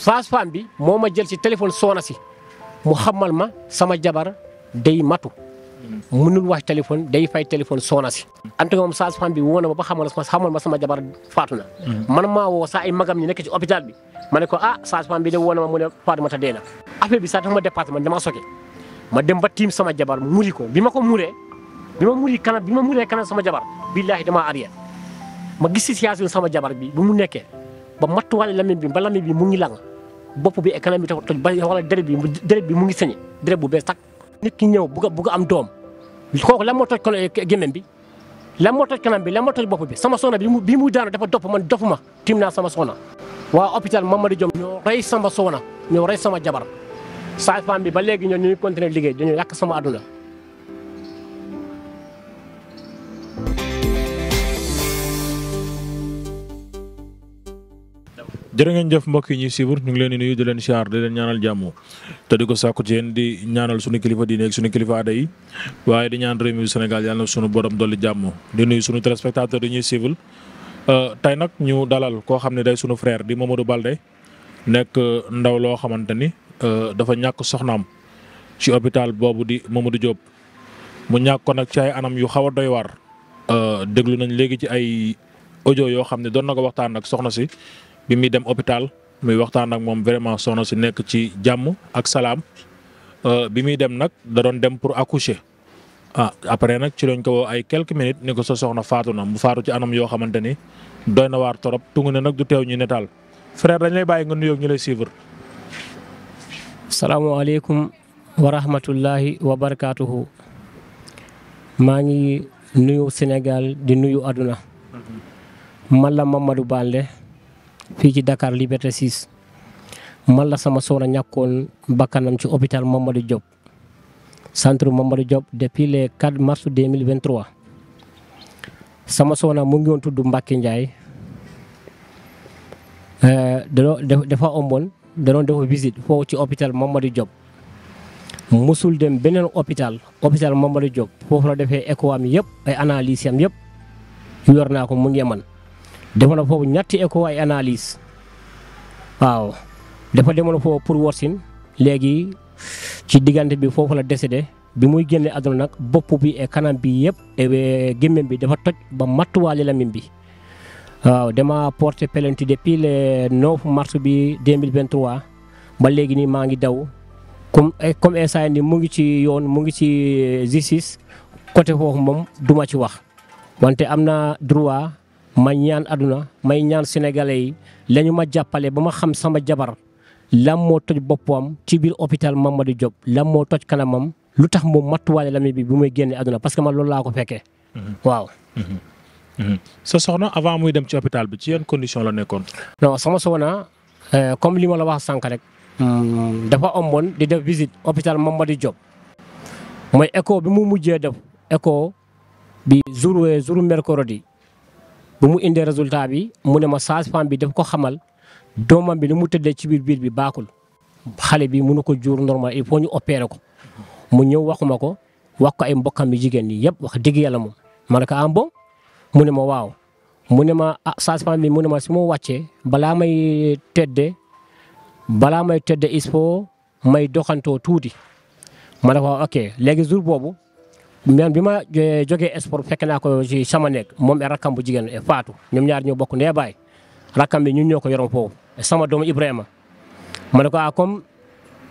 sage-femme bi moo ma jël ci téléphone soona si mu xamal ma sama jabar day matu mënul wax téléphone day fay téléphone soona si en tout cas moom bi woo na ma ba xamal xamal ma sama jabar faatu na man maa woo saa ay magam ñi nekk ci hôpital bi ma ne ko ah sage bi de woo na ma mu ne ma ta dee na affaire bi sax dafa ma dépassé man damaa soke ma dem ba tiim sama jabar muri ko bi ma ko muree bi ma muri kanam bi ma muree kanam sama jabar billaahi dama arrière ma gis situation sama jabar bi mu nekkee ba mattuwaale lamine bi ba lamine mu ngi lang bopp bi ak kanam bi tax toj ba wala deret bi deret bi mu ngi sañe deret bu bees tak nit ki ñëw bugg a bugg a am doom kooku lan moo toj kon eh, gémmiñ bi lan moo toj kanam bi lan moo toj bopp bi sama soxna bi mu bi muy daanu dafa dopp man dopp ma tiim naa sama soxna waa hôpital Mamadou Diom ñoo rey sama soxna ñoo rey sama jabar saa femme bi ba léegi ñoo ñuy continuer liggéey dañoo yàq sama àdduna jërë ngeen jëf mbokk yi ñuy suivre ñu ngi leen di nuyu leen siyaar di leen ñaanal jàmm te di ko sàkku ci yéen di ñaanal suñu kilifa diine ak suñu kilifa aada yi waaye di ñaan réew mi Sénégal yàlla na suñu borom dolli jàmm di nuyu suñu téléspectateur yi ñuy suivre euh, tey nag ñu dalal koo xam ne day suñu frère di Mamadou Balde nekk euh, ndaw loo xamante ni euh, dafa ñàkk soxnaam ci hôpital boobu di moom a du Diop mu ñàkk ko nag ci ay anam yu xaw a doy waar déglu nañ léegi ci ay audio yoo xam ne doon na ko waxtaan ak soxna si bi muy dem hôpital muy waxtaan ak moom vraiment soxna si nekk ci jàmm ak salaam euh, bi muy dem nag da doon dem pour accoucher ah après nag ci lañ ko woo ay quelques minutes ni ko sa soxna faatu na mu faatu ci anam yoo xamante ni doy na waar torop tungu nag du teew ñu netaal frère dañ lay bàyyi nga nuyoo ñu lay suivre. salaamaaleykum wa rahmatullahi wa barakaatuhu maa ngi nuyu Sénégal di nuyu àdduna man la Mamadou Balde fii ci Dakar Liberté 6 man la sama soxna ñàkkoon bakkanam ci hôpital Mamadou Diop centre Mamadou Diop depuis le 4 mars 2023 sama soxna mu ngi woon tudd Mbacke Ndiaye euh, dafa dafa omboon da doon dafa visite foofu ci hôpital Mamadou Diop musul dem beneen hôpital hôpital Mamadou Diop foofu la defee écho am yëpp ay analyse am yëpp yor naa ko mu ngi man defoon na foofu ñetti écho ay analyse waaw dafa demoon foofu pour worsin léegi ci diggante bi foofu la décédé bi muy génne àdduna nag bopp bi e kanam bi yëpp gémmiñ bi dafa toj ba mattuwaale làmmiñ bi waaw dama porté plainte depuis le 9 mars bi 2023 ba léegi nii maa ngi daw comme comme instant ni mu ngi ci yoon mu ngi ci euh, justice côté foofu moom duma ci wax wante am na droit may ñaan aduna may ñaan sénégalais yi la ma jàppale ba ma xam sama jabar lan moo toj boppam ci biir hôpital di Diop lan moo toj kanamam lu tax mu matuwaale lami bi bu muy génne aduna parce que man loolu laa ko fekkee. Mm-hmm. waaw. Mm-hmm. Mm-hmm. sa soxna avant muy dem ci hôpital bi ci yan condition la nekkoon. non sama soxna euh, comme li ma la wax sànq rek. Mm, dafa omboon di def visite hôpital Mamadou Diop. mooy écho bi mu mujjee def écho bi jour jour mercredi bu mu indee résultat bi mu ne ma sage-femme bi daf ko xamal doomam bi lu mu tëddee ci biir biir bi baaxul xale bi mënu ko juur normal il faut ñu opérer ko mu ñëw ma ko wax ko ay mbokkam bi jigéen ñi yëpp wax dëgg yàlla moom ma ne ko am ah bon mu ne ma waaw mu ne ma ah sage-femme bi mu ne ma su ma wàccee balaa may tëddee balaa may tëddee il faut may doxantoo tuuti ma ne ko waaw ok léegi jour boobu. man bi ma eh, jógee sport fekk naa ko ci sama nekk moom e rakkam bu jigéen e Fatou ñoom ñaar ñoo bokk ndee baay rakkam bi ñun ñoo ko yoroon foofu sama doomu Ibrahima ma ne ko ah, comme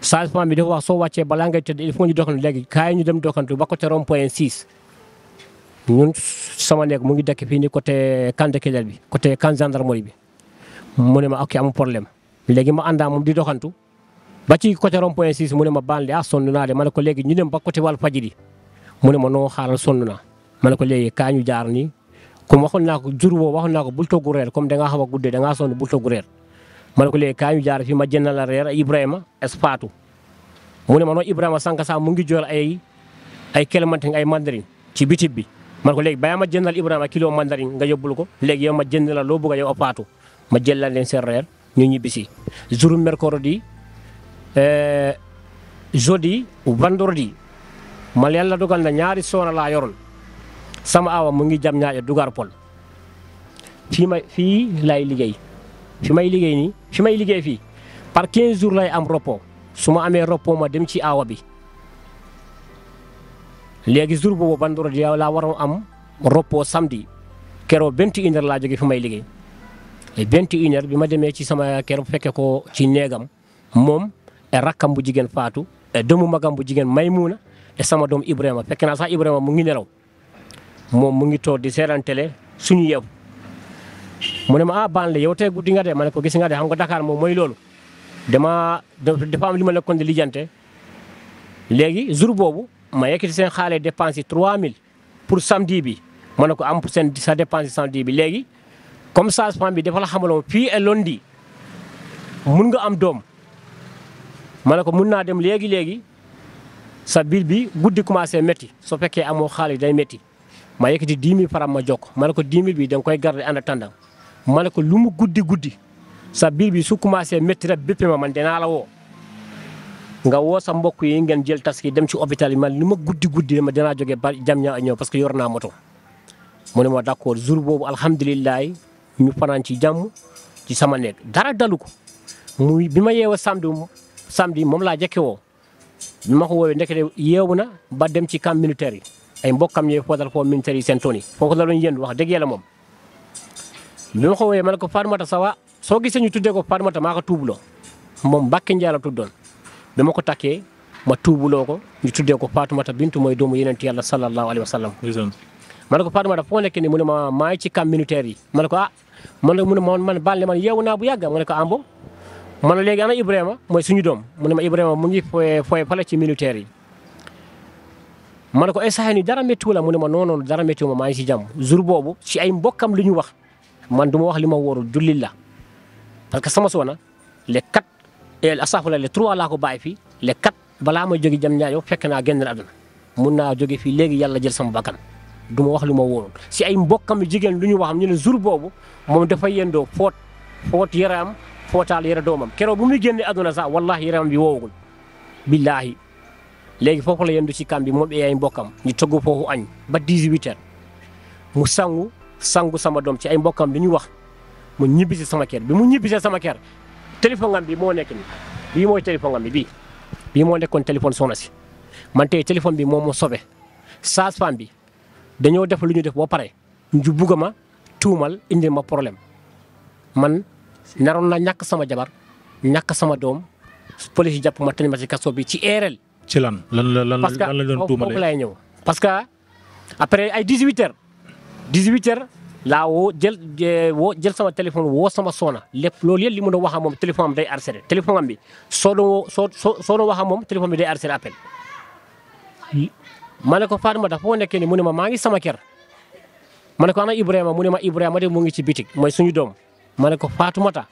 sage-femme bi dafa wax soo wàccee balaa ngay tëdd il ñu doxantu léegi kaay ñu dem doxantu ba côté rond point 6. ñun sama nekk mu ngi dëkk fii ni côté camp de Kelel bi côté camp gendarmerie bi mu ne ma ok amul problème léegi ma àndaa moom di doxantu ba ci côté rond point 6 mu ne ma baal de ah sonn naa de ma ne ko léegi ñu dem ba côté wàllu fajiri mu ne ma noo xaaral sonn na ma ne ko léegi kaañu jaar nii comme waxoon naa ko jur boobu waxoon naa ko bul togg reer comme da ngaa xaw a guddee da ngaa sonn bul togg reer ma ne ko léegi kaañu jaar fii ma jëndal la reer Ibrahima espaatu mu ne ma noo Ibrahima sànq saa mu ngi joor ay ay clémentine ay mandarine ci bitib bi man ko léegi bàyyi ma jëndal Ibrahima kilo mandarine nga yóbbul ko léegi yow ma jënd la loo bëgg a yow apaatu ma jëlal leen seen reer ñu ñibbisi jour mercredi euh, jeudi vendredi man la dogal na ñaari soona laa yoroon sama awa mu ngi jam ñaajo dugar pol fii may fii lay liggéey fi may liggéey nii fi may liggéey fii par 15 jours lay am repos su ma amee repos ma dem ci awa bi léegi jour boobu ban yow laa waroon am repos samdi keroo 21 heures laa jógee fi may liggéey et 21 heures bi ma demee ci sama keroog fekke ko ci néegam moom e rakkam bu jigéen faatu e doomu magam bu jigéen may Maymuna te sama doom Ibrahima fekk naa sax Ibrahima mu ngi nelaw moom mu ngi toog di seetaan télé suñu yeew mu ne ma ah Balla yow tey guddi nga de ma ne ko gis nga de xam nga Dakar moo mooy loolu dama dafa am li ma nekkoon di lijjante léegi jour boobu ma yekkati seen xaale dépense yi mille pour samedi bi ma ne ko am seen sa dépense samedi bi léegi comme changement bi dafa la xamaloon fii et lundi mun nga am doom ma ne ko mun naa dem léegi léegi sa biir bi guddi commencé métti soo fekkee amoo xaalis day métti ma yëkkati 10 000 faram ma jokk ma ne ko 10 000 bi da nga koy garder en attendant ma ne ko lu mu guddi guddi sa biir bi su commencé métti rek bépp ma man dinaa la wo nga woo sa mbokk yi ngeen jël tas yi dem ci hôpital yi man li ma guddi guddi ma dinaa joge ba jam ñaa ñëw parce que yor naa moto mu ne ma d' accord jour boobu alhamdulilah ñu fanaan ci jàmm ci sama nekk dara dalu ko muy bi ma yeewoo samedi samedi moom laa jëkke woo bi ma ko woowee ndekete yeewu na ba dem ci camp militaire yi ay mbokkam yi foodal foo militaire yi seen tool yi foofu la doon yëndu wax dëgg yàlla moom bi ma ko woowee ma ne ko Fatoumata Sawa soo gisee ñu tuddee ko Fatoumata maa ko tuubuloo moom Mbacke Ndiaye la tuddoon bi ma ko takkee ma tuubuloo ko ñu tuddee ko Fatoumata bintu mooy doomu yeneen yàlla sallallahu alayhi wa sallam ma la ko Fatoumata foo nekk nii mu ne ma maa ngi ci camp militaire yi ma ne ko ah man la mu ne man man baal ne man yeewu bu yàgg ma ne ko ah, man ne léegi ana Ibrahima mooy suñu doom mu ne ma Ibrahima mu ngi foyee foyee fale ci militaire yi. ma ne ko ay sax ni dara méttiwu la mu ne ma non non dara méttiwu maa ngi si jàmm jour boobu si ay mbokkam lu ñu wax man du ma wax li ma wóorul jullit la parce que sama soxna les quatre asaafula les trois laa ko bàyyi fii les balaa ma jóge jam ñaajo fekk naa génn àdduna mun naa jóge fii léegi yàlla jël sama bakkan du ma wax lu ma wóorul si ay mbokkam jigéen lu ñu wax ñu ne jour boobu moom dafa yendoo foot foot yaram footaal yore doomam keroog bu muy génne àdduna sax wallahi yaramam bi woowagul billaahi léegi foofu la yendu ci kam bi moom ay mbokkam ñu togg foofu añ ba 18 heures mu sangu sangu sama doom ci ay mbokkam li ñu wax mu ñibbisi sama kër bi mu ñibbisee sama kër téléphone am bi moo nekk ni bii bi bii bii moo nekkoon téléphone soxna si man tey téléphone bi moom moo sobe sage-femme bi dañoo def lu ñu def boo pare ñu bugg ma tuumal indi ma problème man naroon naa ñàkk sama jabar ñàkk sama doom police yi jàpp ma tëj ma ci kaso bi ci eereel. ci lan lan la lan la doon tuumalee parce que laay ñëw parce que après ay 18h 18h laa woo jël woo jël sama téléphone woo sama soona lépp loolu yëpp li mu doon wax ak moom téléphone am day harcelé téléphone am bi soo doon soo soo doon moom téléphone bi day harcelé appel. ma ne ko Fatima dafa foo nekkee ni mu ne ma maa ngi sama kër ma ne ko ana Ibrahima mu ne ma Ibrahima de mu ngi ci bitik mooy suñu doom. ma ne ko Fatoumata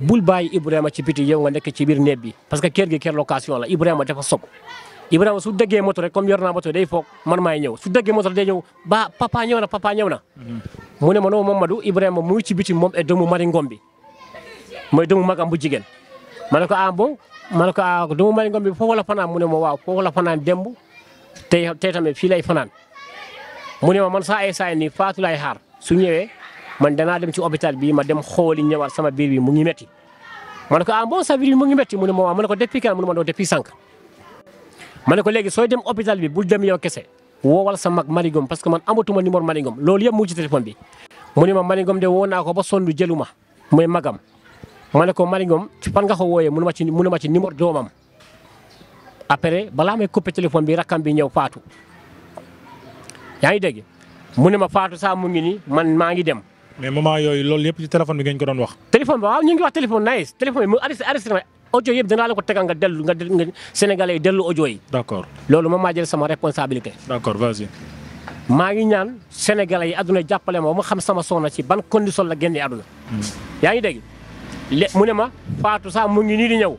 bul bàyyi Ibrahima ci biti yow nga nekk ci biir néeg bi parce que kër gi kër location la Ibrahima dafa soog Ibrahima su déggee moto rek comme yor naa moto day foog man maay ñëw su déggee moto day ñëw ba papa ñëw na papa ñëw na. mu ne ma non Mamadou Ibrahima mu ngi ci biti moom et doomu mari ngom bi mooy domu magam bu jigéen. ma ne ko ah bon ma ne ko ah doomu mari ngom bi foofu la fanaan mu ne ma waaw foofu la fanaan démb tey tey fii lay fanaan mu ne man saa ay saa nii su ñëwee. man danaa dem ci hôpital bi ma dem xooli ñëwaat sama biir bi mu ngi metti ma ne ko ah bon sa biir bi mu ngi metti mu ne ma ma ne ko depuis quand mu ne ma doon depuis sànq ma ne ko léegi sooy dem hôpital bi bul dem yow kese woowal sa mag Maringom parce que man amatuma numéro Maringom loolu yëpp mu ci téléphone bi mu ne ma Maringom de woo naa ko ba sonn jëlu ma muy magam ma ne ko Maringom fan nga ko wooyee mu ne ma ci mu ne ma ci numéro doomam après balaa may coupé téléphone bi rakkam bi ñëw Fatou ngi dégg mu ne ma Fatou saa mu maa ngi dem. mais moment yooyu loolu yëpp ci téléphone bi ngeen ko doon wax. téléphone bi waaw ñu ngi wax téléphone nice téléphone bi mu arrêté arrêté nga dellu nga Sénégalais yi dellu audio yi. d' accord loolu moom maa jël sama responsabilité. d' maa ngi ñaan sénégalais yi àdduna jàppale ma ba ma xam sama soxna ci ban condition la génnee àdduna. Hmm. yaa ngi dégg lé mu ne ma Fatou sax mu ngi nii di ñëw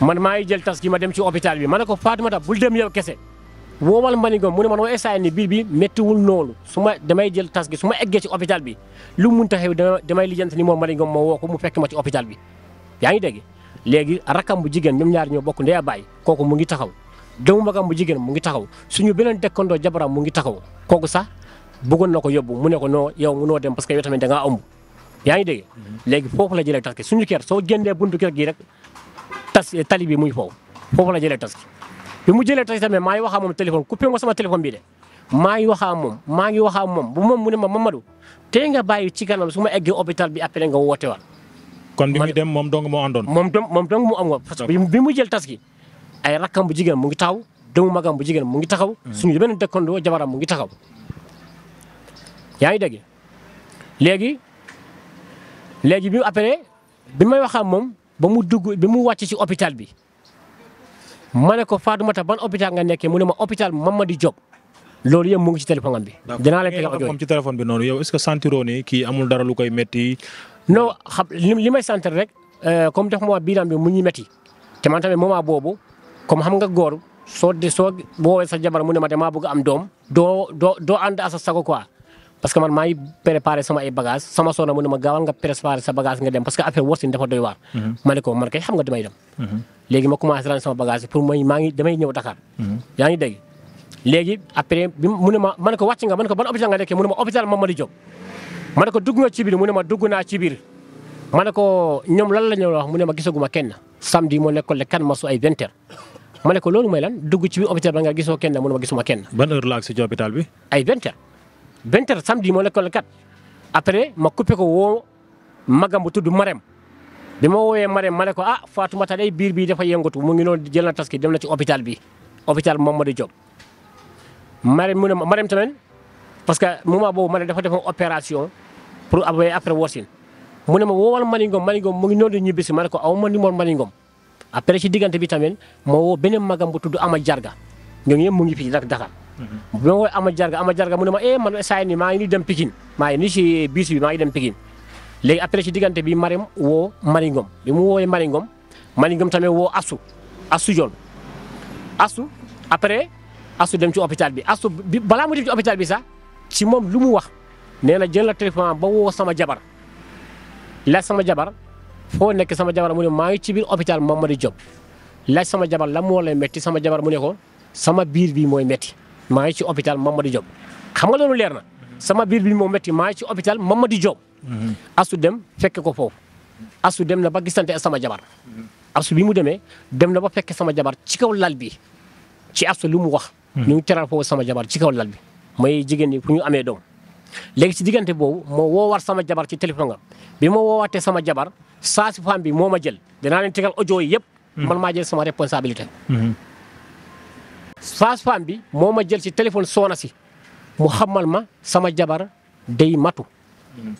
man maa ngi jël tas gi ma dem ci hôpital bi ma ne ko Fatou ma bul dem yow kese. woomal mbanigom mu ne man woo essayé ni biir bi méttiwul noonu su ma damay jël tas gi su ma eggee ci hôpital bi lu mun taxew demay lijjanti ni moom mbanigom moo woo ko mu fekk ma ci hôpital bi yaa ngi dégg léegi rakam bu jigéen ñoom ñaari ñoo bokk ndey a kooku mu ngi taxaw doomu magam bu jigéen mu ngi taxaw suñu beneen dëkkandoo jabaram mu ngi taxaw kooku sax bëggoon na ko yóbbu mu ne ko noo yow noo dem parce que yow tamit da ngaa ëmb yaa ngi dégg léegi foofu la jëlee tas gi suñu kër soo génnee buntu kër gi rek tas tali muy foofu foofu la jëlee tas bi mu jëlee taxi tamit maa ngi wax ak moom téléphone coupé nga sama téléphone bii de maa ngi wax ak moom maa ngi wax moom bu moom mu ne ma Mamadou tey nga bàyyi ci kanam su ma eggee opital bi appelé nga woote waat. kon bi dem moom dong moo àndoon. moom dong moom dong mu am nga. parce que mu jël tas gi ay rakkam bu jigéen mu ngi taxaw doomu magam bu jigéen mu ngi taxaw. Hmm. suñu beneen dëkkandoo jabaram mu ngi taxaw. yaa ngi dégg léegi bi mu bi may wax ak moom ba mu dugg bi mu wàcc si hôpital bi. ma ne ko Fatoumata ban hôpital nga nekke nekkee mu man ma hôpital Mamady loolu yëpp mu ngi ci téléphone am bi. dinaa la tegal ak ci téléphone bi noonu yow dara lu koy métti. non xam li may sentir rek euh, comme def ma biiram bi mu ñuy métti te man tamit boobu comme xam nga góor soo de soo woowee sa jabar mu ne ma damaa bëgg am doom doo doo doo ànd sa sago quoi. parce que man maa ngi préparé sama ay bagage sama soxna mu ne ma gaawal nga préparé sa bagage nga dem parce que affaire warsin dafa doy waar. Mhm. ma ko man kay xam nga damay dem. Mhm. léegi ma commencé sama bagage pour may maa ngi damay ñëw Dakar. Mhm. yaa ngi dégg léegi après bi ne ma ma ko wàcc nga ma ne ko ban hôpital nga nekkee mu ne ma hôpital ma ne ko dugg nga ci biir mu ne ma dugg ma ne ko kenn samedi moo nekkoon le kan ma su ay vingt ne ko loolu ci biir hôpital ba nga gisoo kenn mu ne ma gisuma kenn. ban ay vingt vingt heures samedi moo nekkoon le après ma coupé ko woo magam bu tudd Marème bi ma woowee Marème ma ne ko ah Fatoumata day biir bii dafa yëngatu mu ngi noonu jël na taski dem na ci opital bi hôpital ma Diop. Marème mu ne ma Marème tamit parce que moment boobu ma ne dafa defoon opération pour après après Wosin mu ne ma woowal Malingom Malingom mu ngi noonu di ñibbisi ma ne ko aw ma numéro Malingom après ci diggante bi tamit ma woo beneen magam bu tudd Ama Jarga ñooñu yëpp mu ngi fii nag Dakar. bi mm-hmm. ma ama jarga ama jarga mu ne ma eh man saa ni maa ngi nii dem Pikine maa ngi nii si biis bi maa dem Pikine léegi après ci diggante bi Marème woo Maringom bi mu woowee Maringom Maringom tamit woo Asou Asou Diol Asou après Asou dem ci hôpital bi Asou bi balaa mu dem ci hôpital bi sax ci moom lu mu wax nee na jël la téléphone ba woo sama jabar laaj sama jabar foo nekk sama jabar mu ne maa ngi ci biir ma Mamadou Diop laaj sama jabar la moo lay métti sama jabar mu ne ko sama biir bi mooy métti. maa ngi ci hôpital Mamadou Diop xam nga loolu leer na sama biir bi moo métti maa ngi ci hôpital Mamadou Diop. Mhm. astu dem fekke ko foofu asu dem na ba gisante sama jabar mhm. astu bi mu demee dem na ba fekke sama jabar ci kaw lal bi ci asu lu mu wax. Mhm. ñu ngi teral sama jabar ci kaw lal bi may jigéen ñi fu ñu amee doom. léegi si diggante boobu moo woowaat sama jabar ci téléphone am bi ma woowaatee sama jabar saa si femme bi moo ma jël dinaa leen tegal audio yi yëpp. man maa jël sama responsabilité. sage-femme bi moo ma jël si téléphone soona si mu xamal ma sama jabar day matu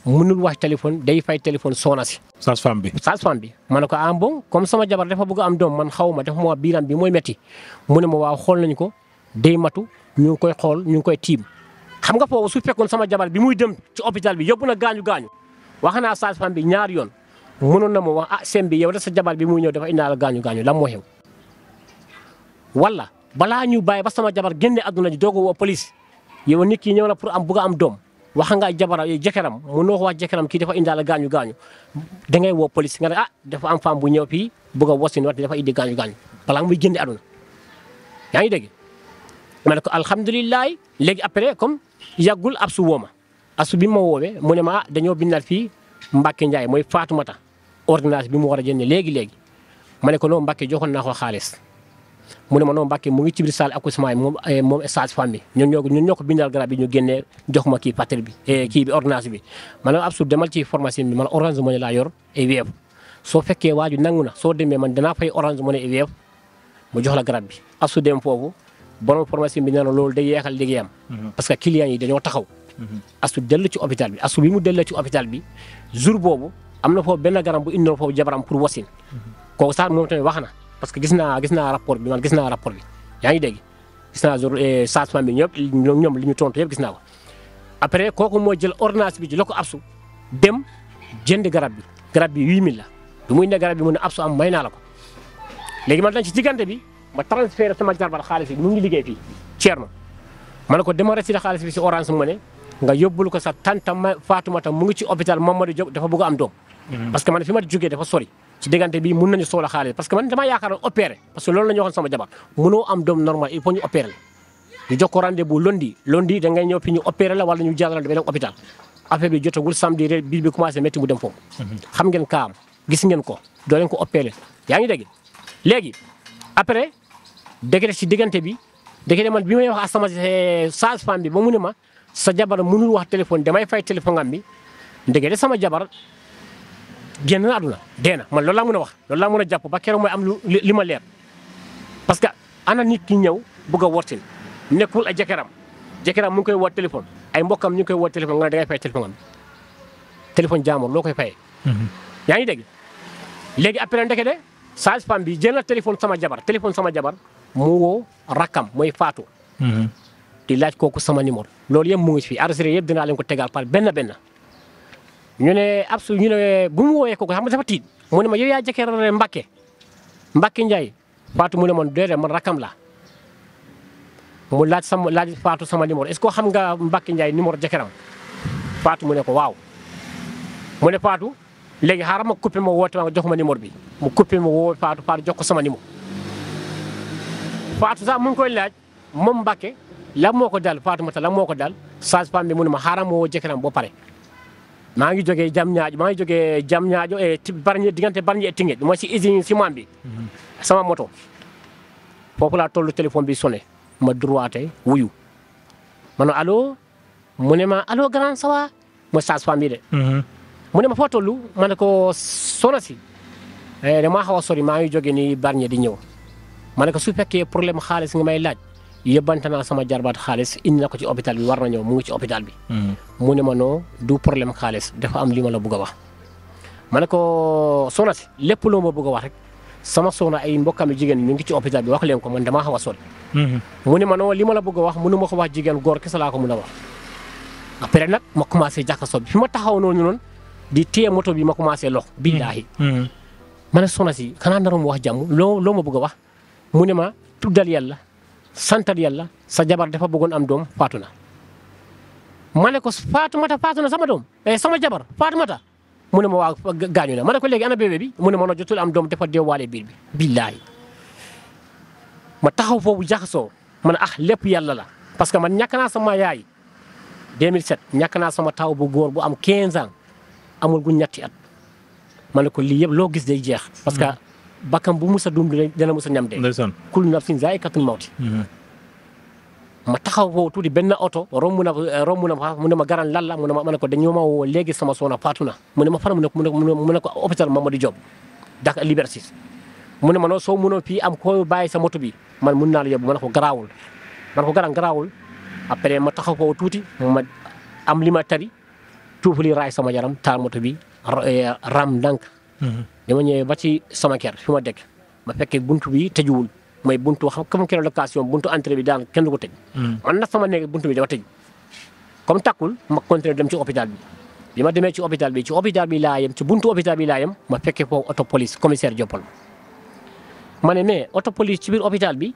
mënul wax téléphone day fay téléphone soona si. sage-femme bi sage bi. ma ne ko ah bon comme sama jabar dafa bëgg am doom man xaw ma dafa moo wax biiram bi mooy metti mu ne ma waaw xool nañu ko day matu ñu ngi koy xool ñu ngi koy tiim xam nga foofu su fekkoon sama jabar bi muy dem ci hôpital bi yóbbu na gaañu gaañu wax naa sage-femme bi ñaar yoon mënoon na ma wax ah seen bi yow da sa jabar bi muy ñëw dafa indaal gaañu gaañu lan moo xew balaa ñu bàyyi ba sama jabar génne àdduna ji doog woo police yow nit ki ñëw na pour am bëgg a am doom wax nga jabaram jëkkëram mënoo wax jëkkëram kii dafa indaale gaañu gaañu da ngay woo police nga ah dafa am femme bu ñëw fii bëgg a wasin wat dafa indi gaañu gaañu balaa muy génne àdduna yaa ngi dégg ma ne ko alhamdulilah léegi après comme yaggul ab su woo ma asu bi ma woowee mu ne ma ah, dañoo bindal fii Mbacke Ndiaye mooy Fatoumata ordonnance bi mu war a jënd léegi léegi ma ne ko non mbakke joxoon naa ko xaalis. mu ne ma noonu Mbacke mu ngi ci biir salle accouchement moom eh, moom sage bi ñoo ko ñun garab bi ñu génnee jox ma kii patel bi eh, kii bi ordonnance bi ma ne absurde demal ci formation bi ma ne Orange Money yor et Wave soo fekkee waaju nangu na soo demee man danaa fay Orange Money et Wave mu jox la garab bi absurde dem foofu borom formation bi nee na loolu day yeexal liggéeyam mhm. parce que clients yi dañoo taxaw mhm. astu dellu ci hôpital bi astu bi mu dellee ci hôpital bi jour boobu am na foofu benn garab bu indoo foofu jabaram pour wasin mhm. kooku moom tamit wax na parce que gis naa gis naa rapport bi man gis naa rapport bi yaa ngi dégg gis naa jour eh, changement bi ñëpp ñoom li ñu tontu yëpp gis naa ko après kooku moo jël ordonnance bi ji la ko absu dem jënd garab bi garab bi 8000 la bi muy ne garab bi mu ne absu am may naa la ko léegi man dañ ci diggante bi ma transféré sama jarbar xaalis bi mu ngi liggéey fii Thierno ma ne ko dama retiré xaalis bi si Orange mu ne nga yóbbul ko sa tante Fatoumata mu ngi ci hôpital Mamadou Diop dafa bëgg am doom mm-hmm. parce que dafa sori ci diggante bi mun nañu soxla xaalis parce que man damaa yaakaar opéré parce que loolu la ñu waxoon sama jabar mënoo am doom normal il faut ñu opéré la ñu jox ko rendez-vous lundi lundi da ngay ñëw fi ñu opéré la wala ñu jaarale la beneen hôpital affaire bi jotagul samedi rek biir bi commencé métti mu dem foofu. Mhm. xam ngeen ka kaam gis ngeen ko doo leen ko opéré yaa ngi dégg léegi après dégg si diggante bi dégg man bi may wax ak sama eh, sage-femme bi ba mu ne ma sa jabar mënul wax téléphone damay fay bi ndege sama jabar. génn na àdduna dee na man loolu laa mën a wax loolu laa mën a jàpp ba keroog mooy am lu li ma leer parce que ana nit ki ñëw bëgg a wortil nekkul ay jëkkëram jëkkëram mu ngi koy woo téléphone ay mbokkam ñu koy woo téléphone nga ne da ngay fay téléphone am téléphone jaamur loo koy fayee. Mhm. yaa ngi dégg léegi après ndeke de sage-femme bi jël na téléphone sama jabar téléphone sama jabar mu woo rakkam mooy faatu. Mhm. di laaj kooku sama numéro loolu yëpp mu ngi fi arrêté yëpp tegal benn benn. ñu ne absu ñu ne bu mu wooyee kooku xam nga dafa tiit mu ma yow yaa jëkkër Mbacke Mbacke Ndiaye Fatou mu ne man déedéet man rakam la mu laaj sama laaj Fatou sama numéro est-ce que xam nga Mbacke Ndiaye numéro jëkkëram faatu mu ne ko waaw mu ne Fatou léegi xaaral ma coupé ma woote ma jox ma numéro bi mu coupé ma woo Fatou Fatou jox ko sama numéro Fatou sax mu ngi koy laaj moom Mbacke lan moo ko dal Fatou ma ta lan moo ko dal sage-femme bi mu ma xaaral ma woo jëkkëram ba pare. maa ngi jógee jam ñaajo maa ngi jógee jam ñaajo e eh, barñi diggante barñi e Tingéej mooy si usine ciment bi mhm. sama moto foofu laa tollu téléphone bi sonné ma droité wuyu ma ne allo mu ne ma allo grand ça va mooy sage bi de mhm. mu ne ma foo toll ma ne ko soxna si eh, damaa xaw a sori maa ngi jógee ni barñi di ñëw ma ne ko su fekkee problème xaalis nga may laaj yëbbante naa sama jarbaat xaalis indi na ko ci hôpital bi war na ñëw mu ngi ci hôpital bi. Hmm. mu ne ma non du problème xaalis dafa am li ma la bëgg a wax. ma ne ko soxna si lépp loo ma bëgg wax rek sama soxna ay mbokkam jigéen ñu ngi ci hôpital bi wax leen ko man damaa a sori. Hmm. mu ne ma non li ma la bëgg wax mënu ma ko wax jigéen góor kese laa ko mën nag ma commencé jaxasoo bi fi ma taxaw noonu di téye moto bi ma commencé lox hmm. billaahi. ma ne soxna si xanaa naroon wax jàmm loo loo ma bëgg wax mu ne ma tuddal yàlla. santal yàlla sa jabar dafa bëggoon am doom faatu na ma ne ko Faatumata faatu na sama doom eh sama jabar Faatumata mu ne ma waa gaañu na ma ne ko léegi ana bébé bi mu ne ma noo jotul am doom dafa deewaale biir bi billaahi ma taxaw foofu jaxasoo ma ne ah lépp yàlla la parce que man ñàkk naa sama yaay 2007 ñàkk naa sama taw bu góor bu am 15 ans amul gu ñetti at ma ne ko lii yëpp loo gis jeex bakkam bu musa a dund dana mus a ñam dee. ndeysaan kul nafsin zaaiqatul ka mhm. ma taxaw foofu tuuti benn oto romb na eh, romb na ma ah, mu ne ma garan lan la mu ne ma ma ne ko dañoo ma woo léegi sama soxna faatu na mu ne ma fan mu ne mu ne ko hôpital Mamadou Diop Dakar Liberté mu ne ma noonu soo mënoo fii am koo bàyyi sa moto bi man mun naa la yóbbu ma ne ko garaawul ma ne ko garan garaawul après ma taxaw foofu tuuti ma am li ma tari tuufuli raay sama jaram taal moto bi eh, ram ndànk ma ñëwee ba ci sama ker fi ma dekk ma fekke buntu bi tëjuwul mooy buntu xam comme kero location buntu entrée bi daan kenn du ko tëj. Hmm. man nag sama nekk buntu bi dafa tëj comme takkul ma continuer dem ci hôpital bi bi ma demee ci hôpital bi ci hôpital bi laa yem ci buntu hôpital bi laa yem ma fekkee foofu auto police commissaire Diopol ma ne mais auto police ci biir hôpital bi.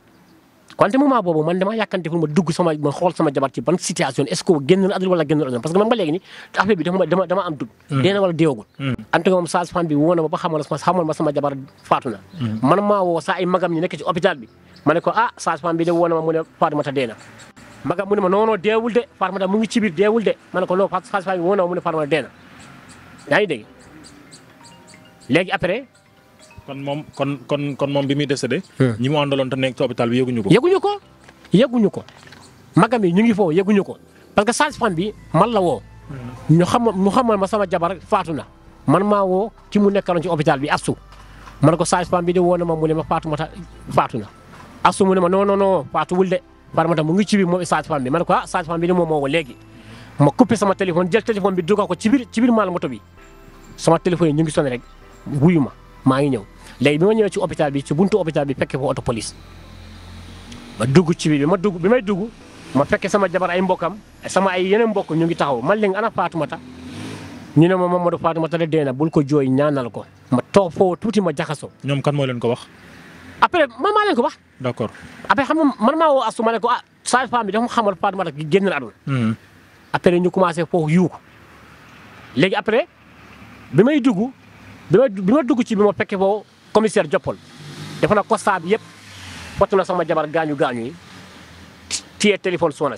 wante moment boobu man dama ma dugg sama ma xool sama jabar ci ban situation est-ce que génn na adul wala man ba léegi ni affaire bi dama dama dama am dugg hmm. dee na wala deewagul hmm. en tout cas moom sage-femme ma ba sama jabar faatu hmm. man maa woo ay magam ñi nekk ci hôpital bi ma ne ko ah sage-femme bi de woo na ma mu ne Fatoumata dee na magam mu ma noonoo deewul de Fatoumata mu ngi ci biir de ma ne ko non sage-femme bi woo na ma mu yaa ngi dégg léegi après kon moom kon kon kon moom bi muy décédé. Hmm. ñi mu àndaloon te nekk ci hôpital bi yëguñu ko. yëguñu ko yëguñu ko magam yi ñu ngi foofu yëguñu ko parce que sage-femme bi man la woo. Hmm. ñu xam mu xamal ma sama jabar faatu na man maa woo ci mu nekkaloon ci hôpital bi astu man ko sage-femme bi de woo na ma mu ne ma faatu ma ta faatu na astu mu ne ma non non non de par ma mu ngi ci biir moom sage-femme bi man ko ah sage-femme bi de moom moo woo léegi. ma coupé sama téléphone jël téléphone bi dugal ko ci biir ci biir maal moto bi sama téléphone yi ñu ngi sonné rek wuyu ma maa ngi ñëw. léegi bi ma ñëwee ci hôpital bi ci buntu hôpital bi fekke fa oto police ma dugg ci bi ma dugg bi may dugg ma fekke sama jabar ay mbokkam sama ay yeneen mbokk ñu ngi taxaw man léegi ana Fatoumata ñu ne ma Mamadou Fatoumata de dee na bul ko jooy ñaanal ko ma toog foofu tuuti ma jaxasoo. ñoom kan moo len ko wax. après man maa leen ko wax. d'accord après xam nga man maa woo Astou ma ne ko ah sage-femme bi dafa xamal Fatoumata gi génn na aduna. Hmm. après ñu commencé foofu yuuku léegi après bi may dugg bi ma dugg ci bi ma fekke commissaire Joppol de na constat bi yëpp fottu sama jabar gaañu gaañu yi téye téléphone soo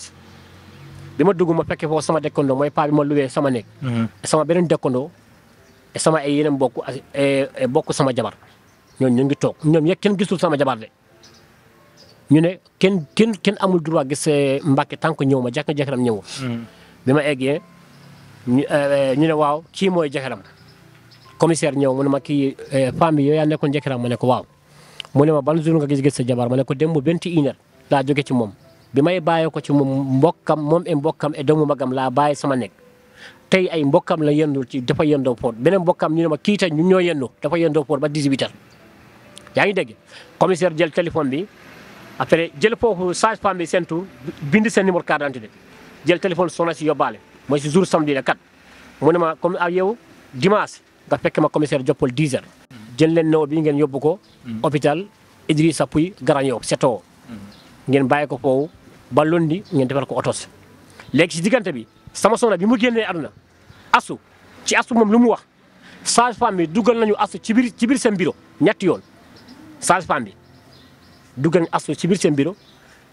bi ma dugg ma fekkee foofu sama dëkkandoo mooy paa bi ma luwee sama nekk. Mhm. sama beneen dëkkandoo sama ay yeneen ak eh, bokk sama jabar ñooñu ñu ngi toog ñoom yëpp kenn gisul sama jabar de. ñu ne kenn kenn kenn amul droit gis eh, Mbacke tant que ñëw ma jàkk jëkkëram ñëwul. Mhm. bi ma eggee eh, ñu ne waaw kii mooy jëkkëram commissaire ñëw mu ne ma kii eh, femme bi yow yaa nekkoon jëkkëram ma ne ko waaw mu ne ma ban jour nga gis gis sa jabar ma ne ko démb vingt et une heures laa jóge ci moom bi may bàyyee ko ci moom e mbokkam e doomu magam laa bàyyi sama nekk tey ay mbokkam la yendu ci dafa yendoo poot beneen mbokkam ñu ma kii tey ñun ñoo yendu dafa yendoo poot ba 18 heures yaa ngi dégg commissaire jël téléphone bi après jël foofu sage femme bi seen tur bind seen numéro carte d'identité nga fekk ma commissaire Joppal 10 heures jël leen néew bi ngeen yóbbu ko. hôpital Idrissa Pouye Grand Yoff setoo ngeen bàyyi ko foofu ba lundi ngeen defal ko otos léegi si diggante bi sama soxna bi mu génnee aduna asu ci astu moom lu mu wax sage-femme bi duggal nañu asu ci biir ci biir seen bureau ñetti yoon sage-femme bi duggal nañu asu ci biir seen biro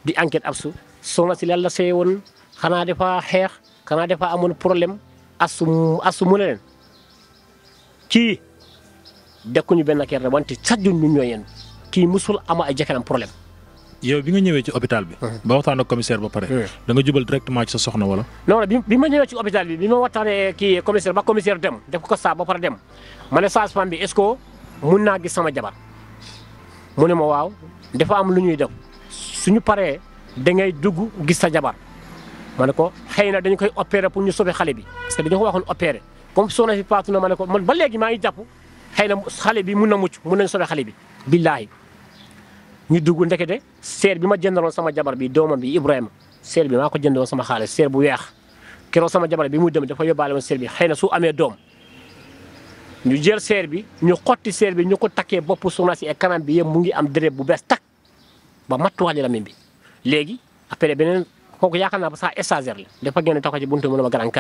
di enquête asu soxna si lan la seewoon xanaa dafa xeex xanaa dafa amoon problème asu asu mu ne leen. kii ñu benn kër wante chaque jour ñun ñoo yéen kii mësul am ay jëkkëram problème. yow bi nga ñëwee ci hôpital bi. Uh-huh. ba waxtaan ak commissaire ba pare. Uh-huh. da nga jubal directement ci sa soxna wala. non bi bi ma ñëwee ci hôpital bi bi ma waxtaanee kii commissaire ba commissaire dem def ko saa ba pare dem ma ne sage-femme bi est-ce que mun naa gis sama jabar mu ne ma waaw dafa am lu ñuy def suñu paree da ngay dugg gis sa jabar ma ne ko xëy na dañu koy opérer pour ñu sauver xale bi parce ko waxoon opérer. comme soxna si faatu na ma ne ko man ba léegi maa ngi jàpp xëy xale bi mun na mucc mun nañ sobe xale bi billaahi ñu dugg de seer bi ma jëndaloon sama jabar bi doomam bi Ibrahima seer bi maa ko jëndoon sama xaalis seer bu weex keroog sama jabar bi mu dem defa yóbbaale woon seer bi xëy na su amee doom ñu jël seer bi ñu xotti seer bi ñu ko takkee boppu soxna si ak kanam bi yëpp mu ngi am dërëb bu bees tak ba matuwaale la même bi léegi après beneen kooku yaakaar naa ba saa stagiaire la dafa génn taxaw ci buntu mu ma grand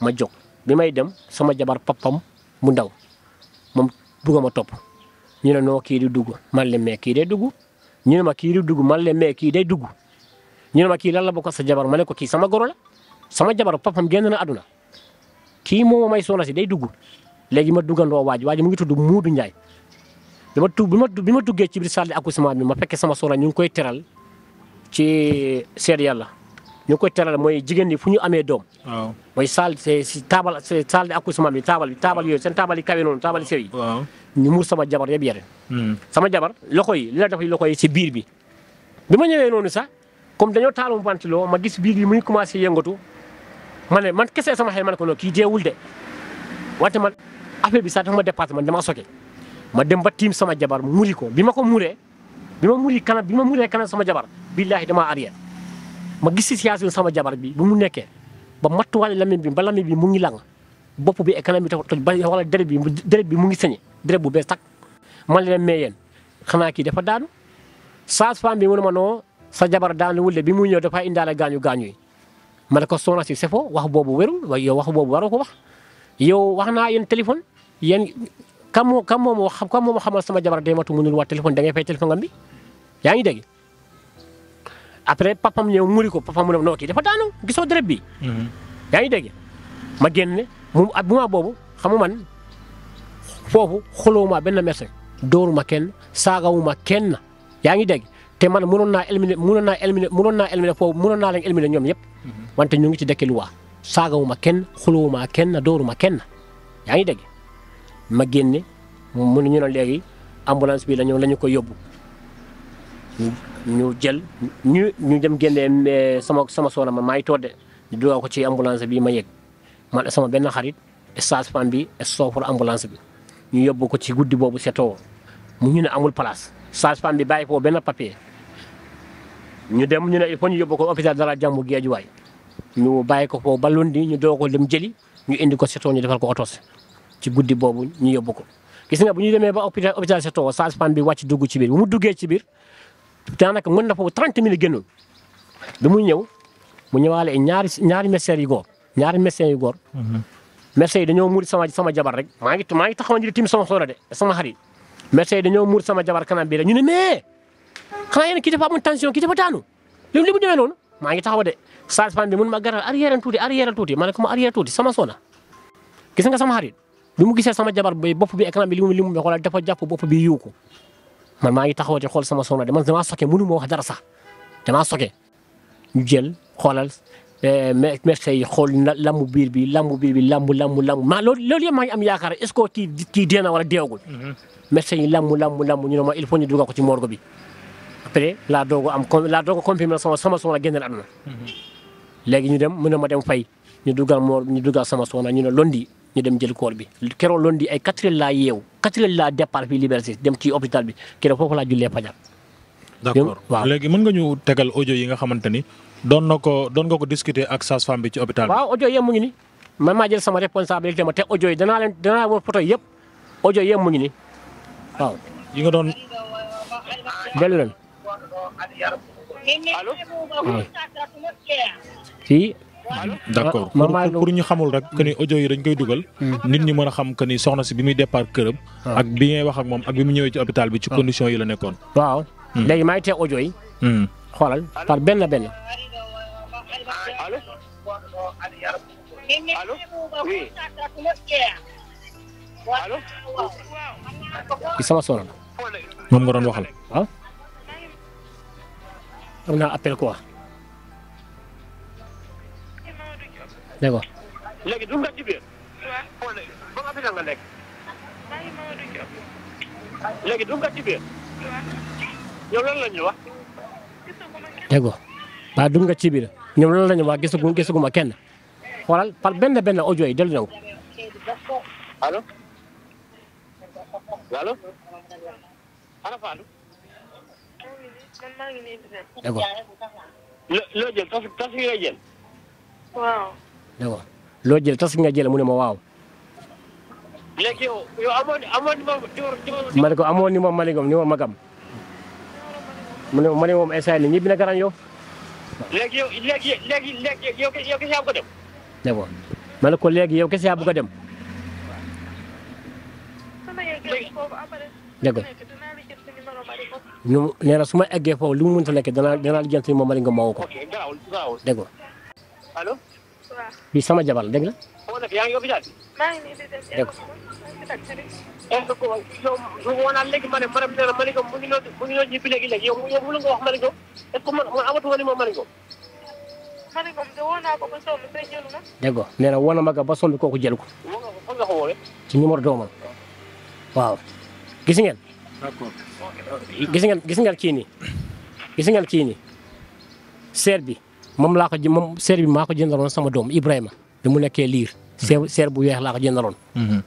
ma jóg bi may dem sama jabar papam mu ndaw moom bëgg ma topp ñu ne noo kii di dugg man leen mais kii day dugg ñu ma kii du dugg man leen mais kii day dugg ñu ne ma kii lan la bokk sa jabar ma ne ko kii sama goro la sama jabar papam génn na aduna kii moom may soxla si day dugg léegi ma duggandoo waaj waaj mu ngi tudd Muudu Njaay bi ma tu bi ma bi ma duggee ci biir salle d'accouchement bi ma fekkee sama soxla ñu ngi koy teral ci seet yàlla. ñu koy teral mooy jigéen ñi fu ñu amee doom. mooy saal si taabal saal di accouchement bi taabal bi taabal yooyu seen taabal yi kawe noonu taabal yi sew yi. ñu muur sama jabar yëpp yere. Hmm. sama jabar loxo yi la def loxo yi si biir bi. bi ma ñëwee noonu sax comme dañoo taalum pantalon ma gis biir bi muy commencé yëngatu ma ne man kese sama xel ma ko non kii deewul de wante man affaire bi sax dafa ma dépassé man damaa soke ma dem ba tiim sama jabar muri ko bi ma ko muuree bi ma muri kanam bi ma muuree kanam sama jabar billaahi damaa arrière. ma gis situation sama jabar bi bu mu nekkee ba mattuwaale lamine bi ba lamine bi mu ngi lang bopp bi kanam bi toj ba wala deret bi deret bi mu ngi sañe deret bu bee tak man leen mais yen xanaa kii dafa daanu sage-femme bi mu ma noo sa jabar daanu wul bi mu ñëw dafa indaale gaañu gaañu yi ma ne ko soxna si c'est faux wax boobu wérul waaye yow wax boobu waroo ko wax yow wax naa yéen téléphone yéen kam moo kam moo ma xamal sama jabar day matu mënul wax téléphone da ngay fay téléphone bi yaa ngi dégg après papam ñëw muri ko papam mu ne noo kii defa daanu gisoo dërëb bi. Mhm. yaa ngi dégg ma génne mu at bu ma boobu xam nga man foofu xulóowuma benn médecin dooruma kenn saagawuma kenn yaa ngi degg te man mënoon naa éliminer mënoon naa éliminer mënoon naa éliminer foofu mënoon naa leen éliminer ñoom ñëpp. Mhm. wante ñu ngi ci dëkk Luwa saagawuma kenn xulóowuma kenn ma kenn yaa ngi dégg ma génne mu ñu ne léegi ambulance bi lañu lañu ko yóbbu. ñu jël ñu ñu dem génnee eh, sama sama soxna man maa ngi toog de dugal ko ci ambulance bi ma yegg ma sama benn xarit stage fan bi soofor ambulance bi ñu yóbbu ko ci guddi boobu setoo mu ñu ne amul place stage fan bi bàyyi ko benn papier ñu dem ñu ne il faut ñu yóbbu ko hôpital dara jàmbu géejuwaay ñu bàyyi ko foofu ba di ñu doo ko dem jëli ñu indi ko setoo ñu defal ko otos ci guddi boobu ñu yóbbu ko. gis nga bu ñu demee ba hôpital hôpital setoo sage femme bi wàcc dugg ci biir bu mu ci biir daanaka mën na foofu 30 minutes génnul bi muy ñëw mu ñëwaale ñaari ñaari mercenaires yu góor ñaari mercenaires yu góor. mercenaires mhm. yi dañoo muur sama sama jabar rek maa ngi maa ngi taxawoon di tim sama soxna de sama xarit mercenaires yi dañoo muur sama jabar kanam bi rek ñu ne mais xanaa yéen kii dafa amoon tension kii dafa daanu léegi li mu maa ngi taxaw de sage-femme bi mun ma garal arrière tuuti arrière tuuti ma ne ko ma arrière tuuti sama soxna gis nga sama xarit bi mu gisee sama jabar bi bopp bi écran bi li mu li mu xoolal jàpp bopp bi yuuku man maa ngi taxaw di xool sama soxna de man damaa soke mënu ma wax dara sax damaa soke ñu jël xoolal eh, merci yi xool lambu biir bi lambu biir bi lambu lambu lambu maa loolu loolu yëpp maa ngi am yaakaar est-ce que kii kii dee na wala deewagul. merci mm-hmm. yi lambu lambu lambu ñu ne ma il faut ñu dugal ko ci morgue bi après laa doog am con laa doog a confirmer sama sama soxna génn àdduna mm-hmm. léegi ñu dem mu ne ma dem fay ñu dugal moor ñu dugal sama soxna ñu ne londi ñu dem jël koor bi keroog loon di ay quatre heures laa yeew quatre heures laa départ fii Liberté dem ci hôpital bi keroog foofu laa jullee fajar. d'accord waaw léegi mën nga ñu tegal audio yi nga xamante ni doon na ko doon nga ko discuter ak sage-femme bi ci hôpital bi. waaw audio yëpp mu ngi ni man maa jël sama responsabilité ma te audio yi danaa leen danaa woon photo yëpp audio yëpp mu ngi ni waaw. yi nga doon. dellu leen. si. d'accord pour ñu xamul rek que ojo mm. yi dañ koy dugal mm. nit ñi mën a xam que ni soxna si bi muy départ këram ah. ak bi ngay wax ak moom ak bi mu ñëwee ci hôpital bi ci ah. condition yi la nekkoon waaw mm. léegi maa ngi teg audio yi xoolal par benn benn ki sama soxna moom nga doon waxal ah naa appel quoi d' accord léegi du nga ci biir. waaw ba nga fi nga nekk. léegi du ci biir. ñoom loolu la ñu gis gisagu gis kenn ma par benn benn audio yi dellu na ko. allo allo. tas tas yi d' accord loo jël tas nga jël mu ne ma waaw. léegi amoon ne ko amoon ni ma ma ne ni ma magam mu ne ma ne moom instant a dem. d' accord ma ne ko léegi yow kese yaa dem. d' accord ñu nee na su eggee foofu lu mu mënta nekk danaa danaa lijjanti ma mari nga ma woo ko bi sama jabal dégg nga. moo nekk yaa ngi hôpital eh, ko mu ngi la nga wax ko est-ce ma ba sonn ko ba sonn kooku jël ko. ci waaw gis ngeen. d'accord gis bi. moom laa ko ji moom seer bi maa ko sama doom Ibrahima bi mu nekkee liir. seer seer bu weex laa ko jëndaloon. Mm-hmm.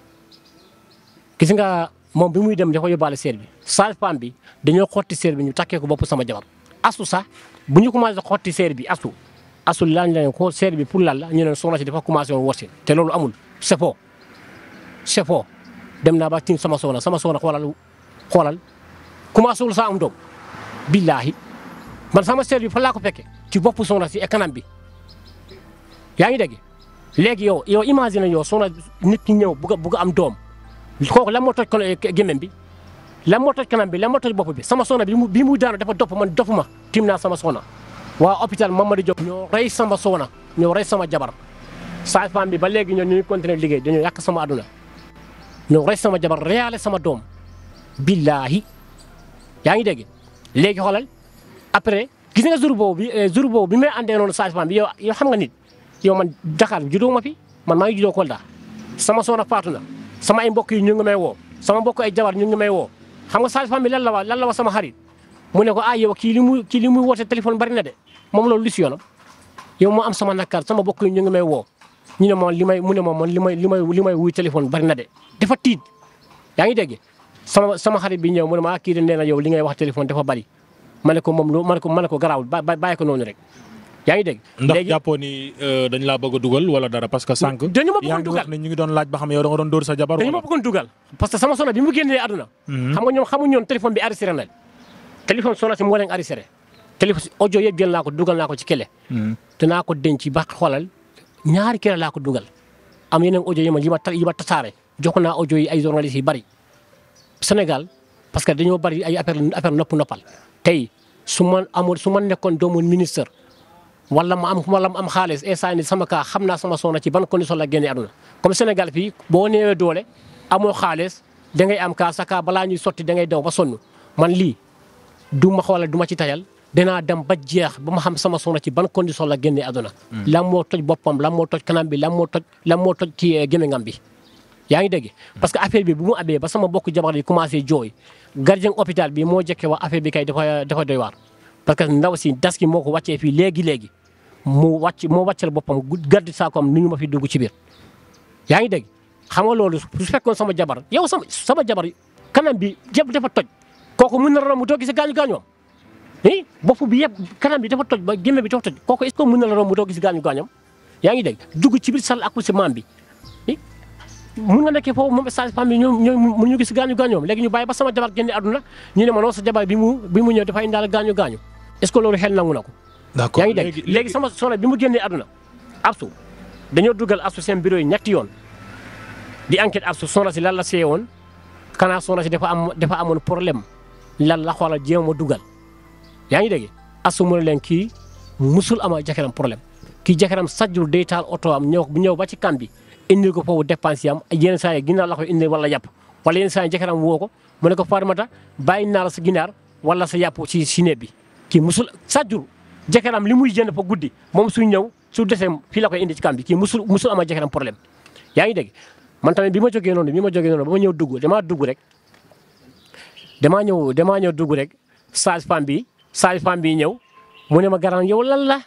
gis nga moom bi muy dem dafa yóbbaale seer bi sage-femme bi dañoo xotti seer bi ñu takkee ko bopp sama jabar asu sax bu ñu commencé xotti seer bi asu asu laan lañ ko seer bi pour lan la ñu ne soxna si dafa commencé woon woote te loolu amul c'est faux dem naa ba tiim sama soxna sama soxna xoolal xoolal commencé wul saa am doom billaahi man sama seetlu bi fa laa ko fekke ci boppu soxna si e kanam bi yaa ngi dégg léegi yow yow imagine yow soxna nit ki ñëw bugg a bugg am doom kooku lan moo toj eh, gémmiñ bi lan moo toj kanam bi lan moo toj bopp bi sama soxna bi bi muy daanu dafa dopp man dofuma tim naa sama soxna waa hôpital di Diop ñoo rey sama soxna ñoo rey sama jabar saa femme bi ba léegi ñoo ñu ngi continuer liggéey dañoo yàq sama aduna ñoo rey sama jabar reyaale sama doom billaahi yaa ngi dégg léegi xoolal après gis nga jour boobu bi euh, jour boobu bi may àndee noonu changement bi yow yow xam nga nit yow man Dakar juddoo ma fi man maa ngi juddoo Kolda sama soxna na sama ay mbokk yi ñu ngi may woo sama mbokk ay jabar ñu ngi may woo xam nga changement bi lan la wax lan la wax sama xarit mu ne ko ah yow kii li muy kii li téléphone bari na de moom loolu lu si yoonam yow moo am sama nakar sama mbokk yi ñu ngi may woo ñu ne moom li may mu ne moom man li may li may li may wuy téléphone bari na de dafa tiit yaa ngi dégg sama sama xarit bi ñëw mu ne ma ah kii de nee na yow li ngay wax téléphone dafa bari ma ne ko moom lu ma ne ko ma ne ko garaawul bàyyi ko noonu rek yaa ngi dégg. ndax jàppoo ni euh, dañ laa bëgg dugal wala dara parce que sànq. dañu ma bëggoon dugal ñu ngi doon laaj ba xam yow da nga doon dóor sa jabar. dañu ma bëggoon dugal parce que sama soxna bi mu génnee àdduna. Mhm. xam nga ñoom xamuñu woon téléphone bi arrêté na téléphone soxna si moo leen arrêté téléphone audio yëpp naa ko dugal naa ko ci kele. Mhm. danaa ko denc ba xoolal ñaari kele laa ko dugal am yeneen audio yi ma yi ma tasaare jox naa audio yi ay journaliste yi bari Sénégal parce que dañoo bari ay affaire affaire nopp noppal tey su ma amoon su ma nekkoon doomu ministre wala ma am wala ma am xaalis instant ni sama kaa xam naa sama soxna ci ban condition la génnee aduna comme boo néewee doole amoo xaalis da ngay am kaa balaa ñuy sotti da ngay daw ba sonn man lii du ma xoolal du ci tayal danaa dem ba jeex ba ma xam sama soxna ci ban condition la génnee aduna hmm. lan moo toj boppam lan moo toj kanam bi lan moo toj lan moo toj ci eh, gémmiñam bi yaa ngi dégg hmm. parce que affaire bi bu mu amee ba sama bokk jabar yi commencé jooy gardien hôpital bi moo jëkkee wax affaire bi kay dafa dafa doy waar parce que ndaw si das ki moo ko wàccee fii léegi léegi mu wàcc moo wàccal boppam garde saakoom ni ñu ma fi dugg ci biir. yaa ngi dégg xam nga loolu su fekkoon sama jabar yow sama sama jabar kanam bi yëpp dafa toj kooku mun na romb doo gis gaañu gaañoom i bopp bi yëpp kanam bi dafa toj ba gémmiñ bi dafa toj kooku est ce que mun na la romb doo gis gaañu gaañoom yaa ngi dégg dugg ci biir salle accouchement bi mun nga nekkee foofu moom stage famille ñoom ñoom mu ñu gis gaañu gaañoom léegi ñu bàyyi ba sama jabar génne àdduna ñu ne ma non sa jabar bi mu bi mu ñëw dafay indaale gaañu gaañu est-ce que loolu xel nangu na ko d'accord yaa ngi dégg léegi sama soxna bi mu génnee àdduna absu dañoo dugal absu seen bureau yi ñetti yoon di enquête absu soxna si lan la see woon kanaa soxna si dafa am dafa amoon problème lan la xoolal jéem a dugal yaa ngi dégg absu mu ne leen kii musul ama jakaram problème kii jakaram sajjul day taal oto am ñëw ñëw ba ci kan bi indil ko foofu dépense yi am yenn ginaar la ko indil wala yàpp wala yenn saa yi jëkkëram woo ko mu ne ko sa ginaar wala sa yàpp si néeg bi musul sàjjur jëkkëram li muy jënd fa guddi moom su ñaw su desee fii la ko indi ci kàmb bi kii musul musul ama jëkkëram problème yaa ngi dégg man tamit bi ma jógee noonu bi ma jógee noonu ba ma ñëw dugg ma dugg rek damaa ñëw damaa ñëw rek sage-femme bi sage-femme bi ñëw ma garaan yow lan la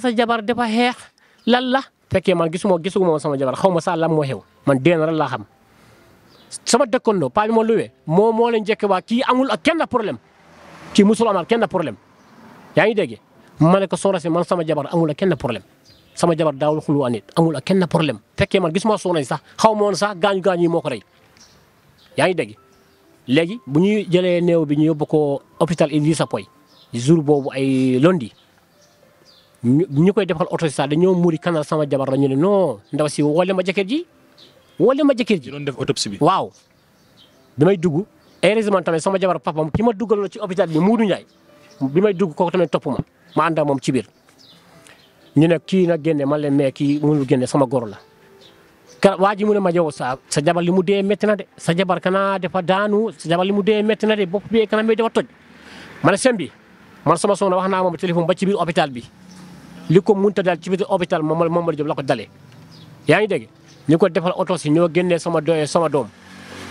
sa fekkee man gisuma gisuma sama jabar xaw ma saa lan moo xew man dee na rek laa xam sama dëkkandoo paa bi ma luwee moo moo leen njëkk waa kii amul ak kenn problème kii musul amaat kenn problème yaa ngi dégg ma ne ko soxna man sama jabar amul ak kenn problème sama jabar daawul xuloo nit amul ak kenn problème fekkee man gisuma soxna si sax xaw moon woon sax gaañu gaañu moo ko rey yaa ngi dégg. léegi bu ñuy jëlee néew bi ñu yóbbu ko hôpital Idrissa Pouye jour boobu ay londi ñu koy defal autorisation dañoo muuri kana sama jabar la ñu ne non ndaw si woole ma jëkkër ji woole ma jëkkër ji. doon def autopsie bi waaw. bi may dugg heureusement tamit sama jabar papam ki ma duggaloon ci hôpital bi Muudu Njaay bi may dugg ko tamit topp ma ma ànd moom ci biir. ñu ne kii na génne man leen mais kii mënul génne sama goro la ka waa ji mu ne ma yow sa sa jabar li mu dee métti na de sa jabar kanaa dafa daanu sa jabar li mu dee métti na de bopp bi kanaa may dafa toj. ma ne bi man sama soxna wax naa moom téléphone ba ci biir hôpital bi. li ko mun ta dal ci biir hôpital Mamadou Mamadou Diop la ko dalee. yaa ngi dégg ñu ko defal autopsie ñoo génnee sama doye sama doom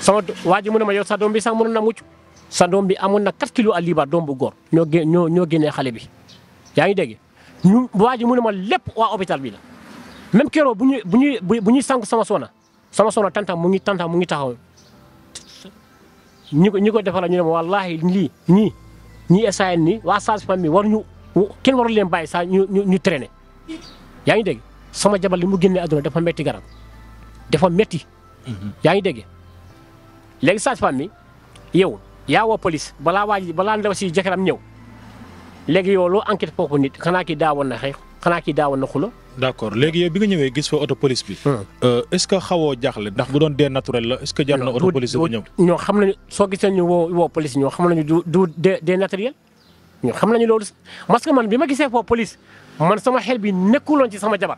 sama waa ji mu ne ma yow sa doom bi sax mënoon na mucc sa doom bi amoon na 4 kilos ak doom bu goor ñoo gén ñoo ñoo génnee xale bi. yaa ngi dégg ñu waa ji mu ne ma lépp waa opital bi la même keroog bu ñuy bu ñuy bu ñuy sànq sama soxna sama soxna tantam mu ngi tantam mu ngi taxaw ñi ko ñi ko defal ñu ne ma wallaahi lii ñii ñii essayé ni waa sage-femme bi war ñu kenn warul leen bàyyi saa ñu ñu ñu traîner yaa ngi dégg sama jabar li mu génnee àdduna dafa metti garab dafa metti mhm. yaa ngi dégg léegi sage-femme mi yow yaa woo police balaa waa ji balaa ndaw si jëkkëram ñëw léegi yow loo enquête foofu nit xanaa kii daawoon na xeex xanaa kii daawoon na xula d'accord léegi yow bi nga ñëwee gis fa auto bi. Hmm. Euh, est-ce que xawoo jaaxle ndax bu doon dee naturel la est-ce que jar na auto bu ñëw. ñoo xam na soo gisee ñu woo woo police ñoo xam nañu du du dee dee naturel. ñun xam nañu loolu parce que man bi ma gisee foofu police man sama xel bi nekkuloon ci sama jabar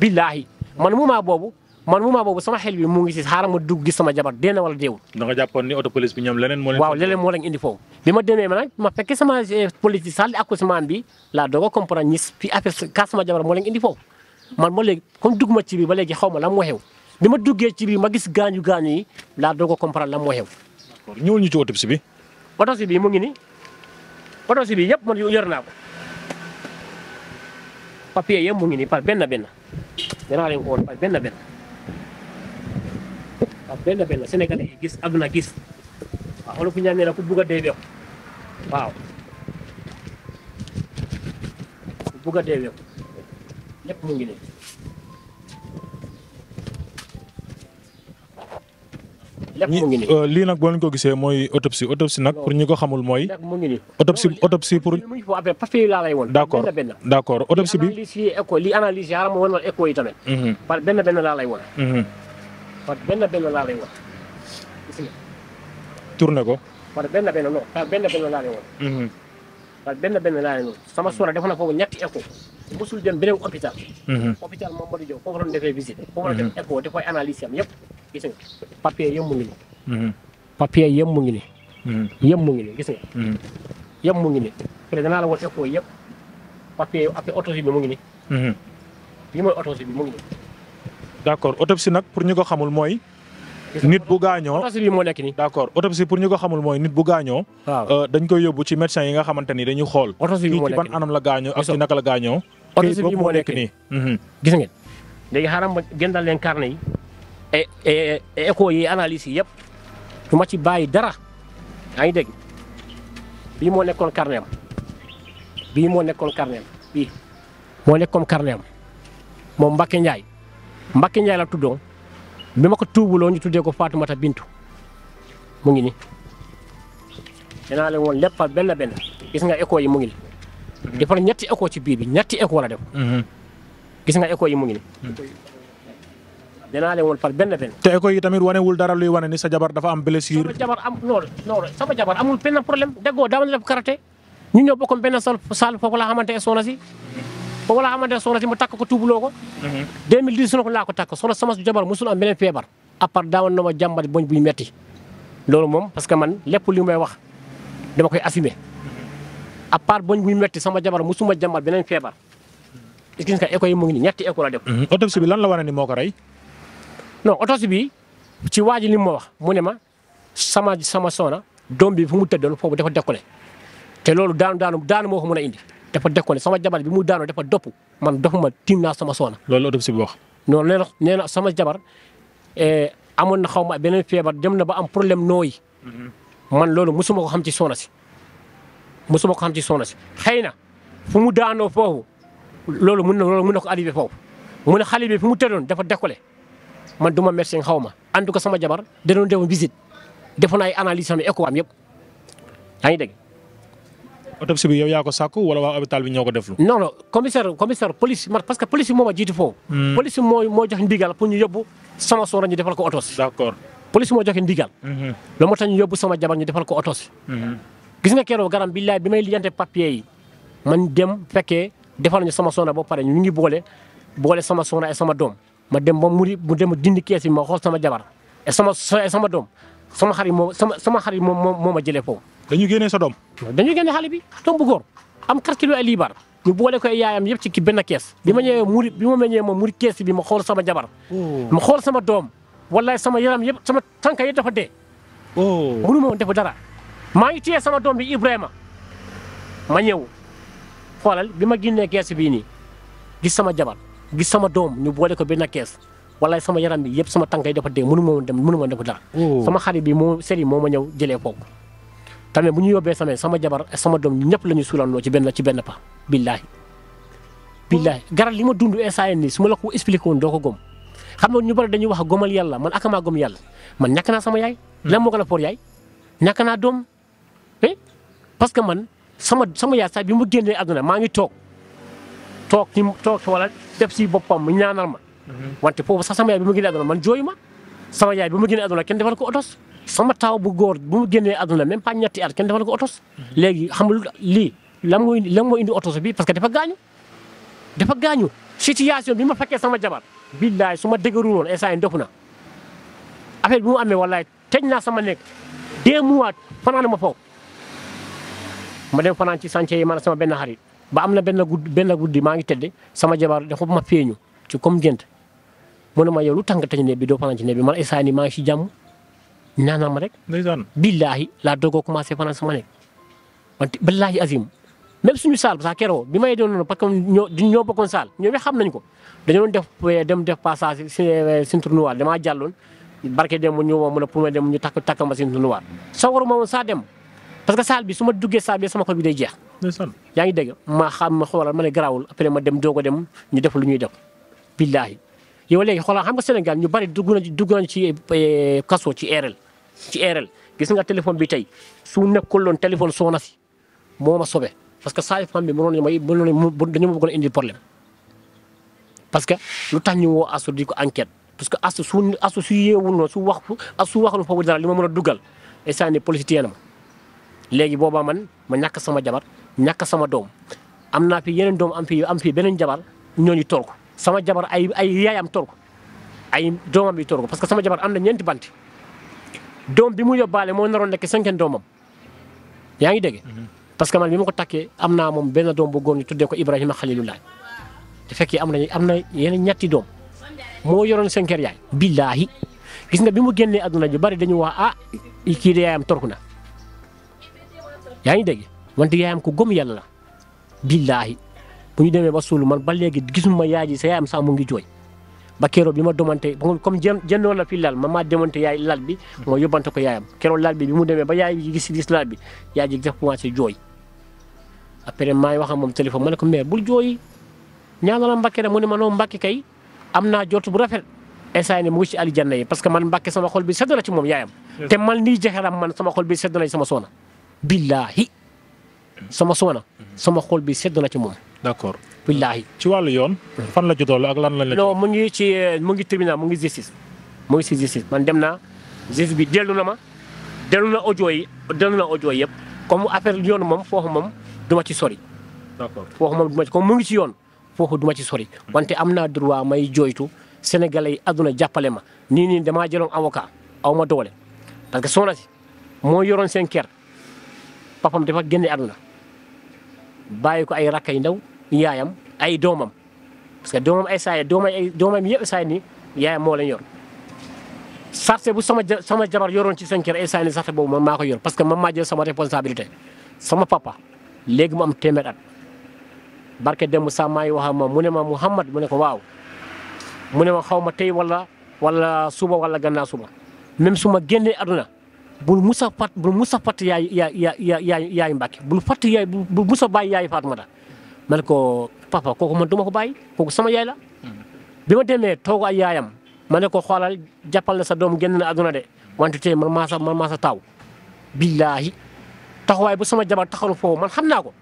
billaahi man moment boobu man moment boobu sama xel bi mu ngi si xaaral ma dugg gis sama jabar dee na wala deewul. da nga jàppoon ni auto police bi ñoom leneen moo waaw leneen moo indi foofu. bi ma demee ma ma fekkee sama eh, police bi salle d'accouchement bi laa doog a comprendre fi affaire kaas sama jabar moo indi foofu. man ma léegi comme dugg ma ci biir ba léegi xaw ma lan moo xew bi ma duggee ci biir ma gis gaañu gaañu yi laa doog a comprendre lan moo xew. projet bi yëpp man yor naa ko papier yëpp mu ngi nii par benn benn danaa leen ko woon par benn benn par benn benn sénégalais yi gis àdduna gis waaw olof ñaan nee na ku bugg dee weeku waaw ku bugg dee weeku lépp mu ngi nii lépp euh, lii nag boo ñu ko gisee mooy autopsie autopsie nag pour ñi ko xamul mooy. mu ngi nii autopsie autopsie pour. d'accord d'accord autopsie bi. li analyse yaram moo wonal écho yi tamit. Mhm. par benn benn laa lay won. Mhm. par benn benn laa lay won. tourné ko. par benn benn non par benn benn laa lay mhm. sama sora def na foofu ñetti écho. mosul dem beneen hôpital. Mhm. hôpital Mamadou Diop foofu la ñu defee visite. foofu mu ngi nii. papier yëpp mu ngi nii. Mhm. Mhm. yëpp mu ngi nii gis nga. yëpp mu ngi nii après danaa la woon écho yëpp papier yëpp après autopsie mu ngi nii. lii mooy autopsie bi mu ngi pour ñu ko xamul mooy. nit bu gaañoo autopsie bi moo nekk nii. d'accord autopsie pour ñu ko xamul bu gaañoo. Euh, dañ koy yóbbu ci médecin yi nga xamante ni dañuy xool. autopsie bi moo nekk nii ci la gaañoo ak ci naka la gaañoo. oto si bii moo nekk nii mhm. gis ngeen léegi xaaral ma gëndal leen carnet yi et écho yi analyse yi yëpp du ma ci bàyyi dara yaa ngi dégg bii moo nekkoon carnet bii moo nekkoon carnet moo nekkoon carnet am moom Mbacke Ndiaye Mbacke la tuddoo bi ma ko tuubuloo ñu tuddee ko Fatoumata Bintu mu ngi ni dinaa leen woon lépp benn benn gis nga écho yi mu ngi defal ñetti écho ci biir bi ñetti écho la def. Mhm. gis nga écho yi mu ngi ni mhm. danaa leen woon par benn benn. te écho yi tamit wanewul dara luy wane ni sa jabar dafa am blessure. sama jabar am non non sama jabar amul benn problème déggoo dama def karaté ñu ñëw bokko benn salle salle foofu laa xamante ne soxna si. foofu laa xamante ne soxna mu takk ko tuubuloo ko. 2019 mhm. laa ko takk soxna sama jabar mosul am beneen feebar. à part daawoon na ma jàmbat boñ buy metti loolu moom parce que man lépp li may wax dama koy assumer. à part boñ buy metti sama jabar musuma jàmbat beneen feebar. gis nga écho yi mu ñetti écho la def. Mm-hmm. bi lan la war a ni ko rey. non autopsie bi ci waa ji li ma wax mu ne ma sama sama soxna doom bi fu mu tëddoon foofu dafa dekkule te loolu daanu daanu daanu moo ko mën a indi dafa dekkule sama jabar bi mu daanoo dafa doppu man dofuma tiim naa sama soxna. loolu autopsie bi wax. non nee na nee na sama jabar eh, amoon na xaw ma beneen feebar dem na ba am problème nooyi. Mm-hmm. man loolu mosuma ko xam ci soxna si. mosuma ko xam ci soxna si xëy na fu mu daanoo foofu loolu mun na loolu mun na ko arrivé foofu mu ne xale bi fu mu tëddoon dafa décollé man du ma médecin xaw ma en tout sama jabar da doon defoon visite defoon ay analyse sama écho am yëpp yaa ngi dégg. autopsie bi ñoo def lu non non commissaire commissaire police man parce que police bi moo ma jiitu foofu. Hmm. police bi moo moo jox ndigal pour ñu yóbbu sama soxna ñu defal ko autopsie. d'accord police moo joxe ndigal. Hmm. loolu moo tax ñu sama jabar ñu defal ko autopsie. Hmm. gis nga keroog garam billaay bi may lijjante papier yi man dem fekkee defal nañu sama soxna boo pare ñu ngi boole boole sama soxna ay sama doom ma dem ba muri mu dem dindi kees bi ma xool sama jabar et sama sama doom sama xarit moo sama sama xarit moom moo moo ma jëlee foofu. dañuy génnee sa doom. dañuy génne xale bi doom bu góor am 4 kilos ay boole ko yaayam yëpp ci benn kees. bi ma ñëwee muri bi ma meññee ma muri kees bi ma xool sama jabar. Oh. ma xool sama doom wallaay sama yaram yëpp sama tànk yi dafa de oh. mënu ma woon dara. maa ngi téye sama doom bi Ibrahima ma ñëw xoolal bi ma génnee kees bii nii gis sama jabar gis sama doom ñu boole ko benn kees wala sama yaram bi yëpp sama tànk yi dafa dee mënu ma dem mënu ma def dara. Oh. sama xarit bi moo sëriñ moo ma ñëw jëlee kooku. tamit bu ñu yóbbee sama sama jabar ak sama doom ñëpp la ñu suulandoo ci benn ci benn pa billaahi billaahi garal li ma dund instant nii su ma la ko expliqué woon doo ko gom xam nga ñu bari dañuy wax gomal yàlla man akamaa gom yàlla man ñàkk naa sama yaay. Hmm. lan moo gën a for yaay ñàkk naa doom. eh parce que man sama sama yaay sax bi mu génnee àdduna maa ngi toog toog ci toog wala def si boppam mu ñaanal ma. Mhm. wante foofu sa sama yaay bi mu génnee àdduna man jooy ma sama yaay bi mu génnee àdduna kenn defal ko otos. sama taw bu góor bu mu génnee àdduna même pas ñetti at kenn defal ko otos. Mhm. léegi xam nga lii lan mooy lan moo indi otos bi parce que dafa gaañu. dafa gaañu situation bi ma fekkee sama jabar. billaay su ma dëgërul woon instant yii dëkk na amee wallaay tëj naa sama nekk deux mois fanaan ma foofu. ma dem fanaan ci chantier yi man sama benn xarit ba am na benn guddi maa ngi tëdd sama jabar dafa ma feeñu ci comme gént mu ne ma yow lu tanga nga tëj ne bi doo fanaan ci ne bi man instant nii maa ngi si jàmm ñaanal ma rek. ndeysaan billaahi laa doog a commencé fanaan sama nekk wante billaahi azim même suñu saal sax keroo bi may doon noonu parce que ñoo ñoo bokkoon saal ñoom it xam nañ ko dañoo doon def eh, dem def passage si si eh, tournoi damaa jàlloon barke dem mu ñëw ma mu pour ma dem ñu takk takk ma si tournoi. sawaru ma woon parce que saal bi su ma duggee saal bi sama xol bi day jeex. yaa ngi dégg ma xam ma xoolal ma ne garaawul ma dem doog a dem ñu def lu ñuy def billaahi yow léegi xoolal xam nga Sénégal ñu bari dugg nañ dugg nañ ci eh, kaso ci RL ci RL gis nga téléphone bi tey su nekkul woon téléphone soo na si moo ma sobe parce que saa bi mënoon nañu may mënoon nañu dañu ma parce que lu tax ñu woo asu parce que asu su asu su yeewul noonu su wax su foofu dara li ma mën a dugal instant yii police ma léegi booba man ma ñàkk sama jabar ñàkk sama doom am naa fi yeneen doomu am fi am fi beneen jabar ñooñu toor ko sama jabar ay ay yaayam toor ko ay doomam yi toor parce que sama jabar am na ñeenti bant doom bi mu yóbbaale moo naroon nekk cinquante doomam yaa ngi dégg. Mhm. parce que man bi ma ko takkee am naa moom benn doom bu góor ñu tuddee ko Ibrahima Xalilullah te fekkee am nañu am na yeneen ñetti doom moo yoroon cinquante yaay. billaahi gis nga bi mu génnee adduna ju bari dañu wax ah kii de yaayam torku na. yaa ngi dégg wante yaayam ko gom yàlla la billaahi bu ñu demee ba suul man ba léegi gisuma yaay ji sa yaayam sax mu ngi jooy ba keroog bi ma domante comme jën jëndoon la fi lal man maa demante yaay lal bi moo yóbbante ko yaayam keroog lal bi bi mu demee ba yaay ji gis gis lal bi yaay ji def commencé jooy après maa ngi wax moom téléphone ma ne ko mais bul jooy ñaanal Mbàkke rek mu ne ma noo Mbàkke kay am naa jot bu rafet instant ne mu ngi ci aljanna yi parce que man Mbàkke sama xol bi sedd sama xol bi sedd na sama soxna billaahi sama soxna sama xool bi sedd na ci moom. d'accord billaahi. ci wàllu yoon. fan la ci toll ak lan lañ la. non mu ngi ci mu ngi tribunal mu ngi justice mu ngi man dem naa justice bi dellu na ma dellu na audio yi dellu na yëpp comme affaire yoon moom foofu moom duma ci sori. d'accord moom duma ci comme mu ngi ci yoon foofu duma ci sori. wante am naa droit may jooytu sénégalais yi àdduna jàppale ma nii nii damaa jëloon avocat aw ma doole parce que soxna si moo yoroon seen kër. papam dafa génne àdduna bàyyi ko ay rakk yu ndaw yaayam ay doomam parce que doomam ay saay doomam ay doomam yëpp saay ni yaayam moo leen yor sarte bu sama sama jabar yoroon ci seen kër ay saay ni sarte boobu man ko yor parce que man maa jël sama responsabilité sama papa léegi mu am téeméer at barke dem sàmmaa yi wax ma mu ne ma Mouhamad mu ne ko waaw mu ne ma xaw ma tey wala wala suba wala gannaaw suba même su ma génnee àdduna bul mus a fat bul mus a fàtt yaay yaay yaay yaay Mbacke bul fàtt yaay bul mus a bàyyi yaay Fatmata ma ne ko papa kooku man du ma ko bàyyi kooku sama yaay la. bi ma demee toog ay yaayam ma ne ko xoolal jàppal sa doom génn na àdduna de wante tey man maa sa man maa sa taaw. billaahi taxawaay bu sama jabar taxaw foofu man xam naa ko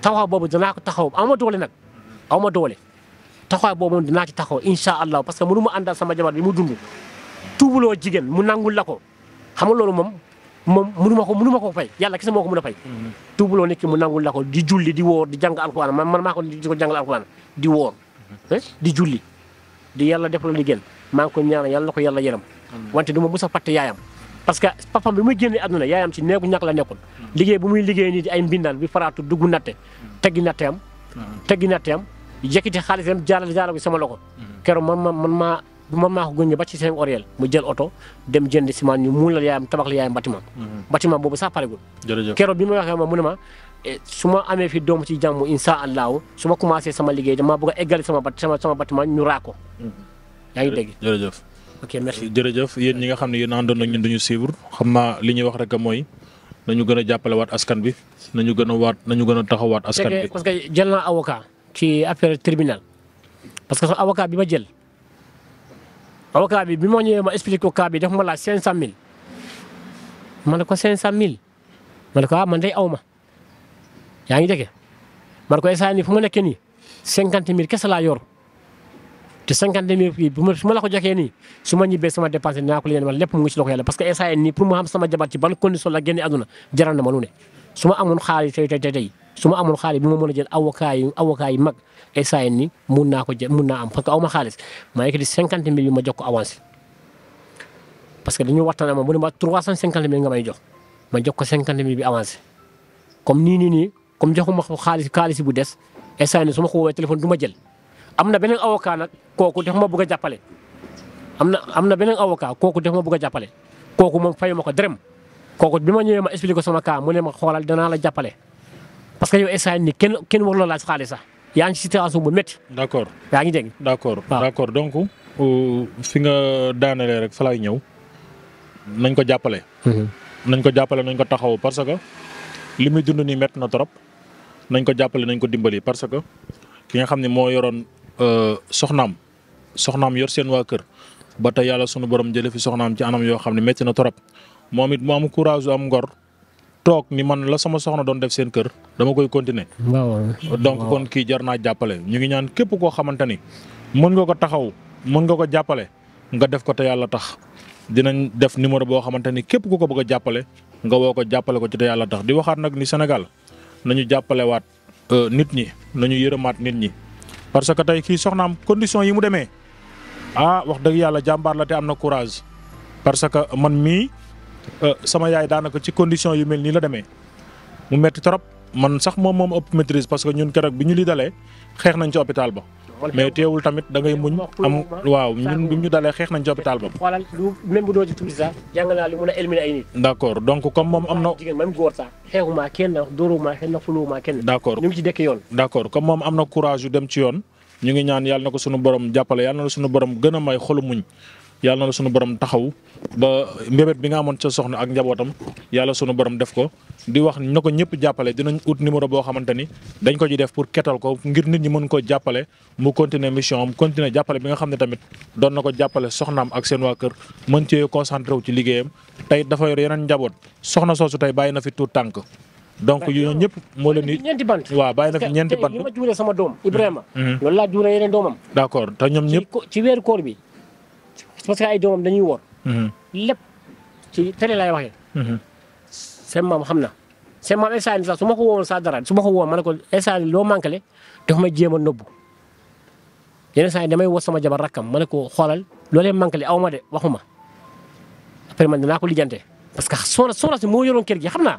taxawaay boobu danaa ko taxaw aw ma doole nag aw ma doole. taxawaay boobu moom dinaa ci taxaw incha allah parce que mënu ma àndal sama jabar bi mu dund tuubuloo jigéen mu nangul la ko. xam nga loolu moom moom ma ko mënu ma ko fay yàlla kese moo ko mën a fay. Mhm. tuubuloo nit mu nangul la ko di julli di woor di jàng alquran man man maa ko di ko di woor. Mhm. Eh? di julli di yàlla def la li gën maa ngi ko ñaanal yàlla ko yalla yaram. wante du ma mës a fàtte yaayam. parce que papam bi muy génne àdduna yaayam ci néegu ñàkk la nekkoon. Mhm. liggéey bu muy liggéey nii di ay mbindaan bi faraatu dugg natte. teggi natteem. teggi natteem yëkkati xaalisam jaarale jaarale ko sama loxo. keroog man man man bu ma maa ko gunge ba ci seen oriel mu jël oto dem jënd ciment ñu muul la yaayam tabax la yaayam bâtiment mhm. bâtiment boobu sax paregul keroog bi ma waxee ma mu ne ma eh, su ma amee fi doom ci jàmm insha allahu su ma commencé sama liggéey damaa bëgg a eggali sama bat ñu raa ko mhm. yaa ngi dégg jërëjëf ok ñi nga xam ne yéen àndoon na ñun duñu suivre xam naa li ñuy wax rek mooy nañu gën a jàppale waat askan bi nañu gën a waat nañu gën a taxawaat askan bi parce que ci affaire tribunal parce bi ma jël avocat bi bi ma ñëwee ma expliqué ko cas bi dafa ma laaj 500000 ma ne ko 500000 ma ne ko ah man day aw ma yaa ngi dégg ma ne ko instant nii fu ma nekkee nii 50000 kese laa yor te 50000 bi bu ma su ma la ko joxee nii su ma ñibbee sama dépense dinaa ko leen ma lépp mu ngi ci loxo yàlla parce que instant nii pour mu xam sama jabar ci ban la génne àdduna jaral na ma lu su ma amoon xaalis tey tey tey su ma amoon xaalis bi ma mën a jël avocat yu avocat yu mag essai ni mun naa ko jël mun naa am parce que aw ma xaalis maa ngi di cinquante mille yu ma jox ko avancé. parce que dañoo waxtaan ama bu ne ma trois cent cinquante mille nga jox ma jox ko cinquante mille bi avancé comme nii nii nii comme joxuma ma xaalis xaalis bu des essai ni su ma ko woowee téléphone du jël. am na beneen avocat nag kooku def ma bëgg a jàppale am na am na beneen avocat kooku def ma bëgg a jàppale kooku moom fayuma ko dërëm. kooku bi ma ñëwee ma expliqué ko sama cas mu ne ma xoolal danaa la jàppale parce que yow instant ni kenn kenn waruloo laaj xaalis sax yaa ngi ci situation bu métti. d'accord yaa ngi dégg. d'accord d'accord donc euh, fi nga daanelee rek fa laay ñëw nañ ko jàppale. Mhm. nañ ko jàppale nañ ko taxaw parce que li muy dund nii metti na trop nañ ko jàppale nañ ko dimbali parce que ki nga xam ne moo yoroon euh, soxnaam soxnaam yor seen waa kër ba tey yàlla sunu borom jëlee fi soxnaam ci anam yoo xam ne métti na trop. moom it mu am courage am ngor toog ni man la sama soxna doon def seen kër dama koy continuer donc kon kii jar naa jàppale ñu ngi ñaan képp koo xamante ni mën nga ko taxaw mën nga ko jàppale nga def ko te yàlla tax dinañ def numéro boo xamante ni képp ku ko bëgg a jàppale nga woo ko jàppale ko ci te yàlla tax di waxaat nag ni Sénégal ñu jàppalewaat euh, nit ñi nañu yërëmaat nit ñi parce que tey kii soxnaam condition yi mu demee ah wax dëgg yàlla jàmbaar te na courage parce que man mii Euh, sama yaay daanaka ci condition yu mel nii la demee mu metti torop man sax moom moom ëpp maîtrise parce que ñun keroog bi ñu li dalee xeex nañ ci hôpital ba. mais teewul tamit ngay muñ am waaw ñun bi ñu dalee xeex nañ a éliminer ay nit. d' accord donc comme moom am na. jigéen même góor sax xeexumaa kenn dóorumaa kenn fuluwumaa comme moom am na courage yu dem ci yoon ñu ngi ñaan yàlla na ko suñu borom jàppale yàlla na suñu borom gën a may xolu muñ yàlla na la sunu borom taxaw ba mbébét bi nga amoon sa soxna ak njabootam yàlla sunu borom def ko di wax na ko ñëpp jàppale dinañ ut numéro boo xamante ni dañ ko ci def pour ketal ko ngir nit ñi mën koo jàppale mu continuer mission am continuer jàppale bi nga xam ne tamit doon na ko jàppale soxnaam ak seen waa kër mën cee concentré wu ci liggéeyam tey dafa yor yeneen njaboot soxna soosu tey bàyyi na fi tuut tànk donc ñëpp moo leen di ñeenti bant waaw bàyyi na fi ñeenti bant ma juure sama doom mm-hmm. Ibrahima mm-hmm. loolu laa juure yeneen doomam d'accord te ñoom ñëpp ci parce que ay doomam dañuy woor. Mm-hmm. lépp ci télé laay waxee. Mm-hmm. seen maam xam na seen ma instant yii su ma ko woowoon saa su ma ko ma ne ko loo manqué dafa ma jéem a nëbbu yenn saa yi damay woo sama jabar rakkam ma ne ko xoolal loolee manqué aw de waxuma après man dinaa ko lijjante parce que soxna soxna si moo yoroon kër gi xam naa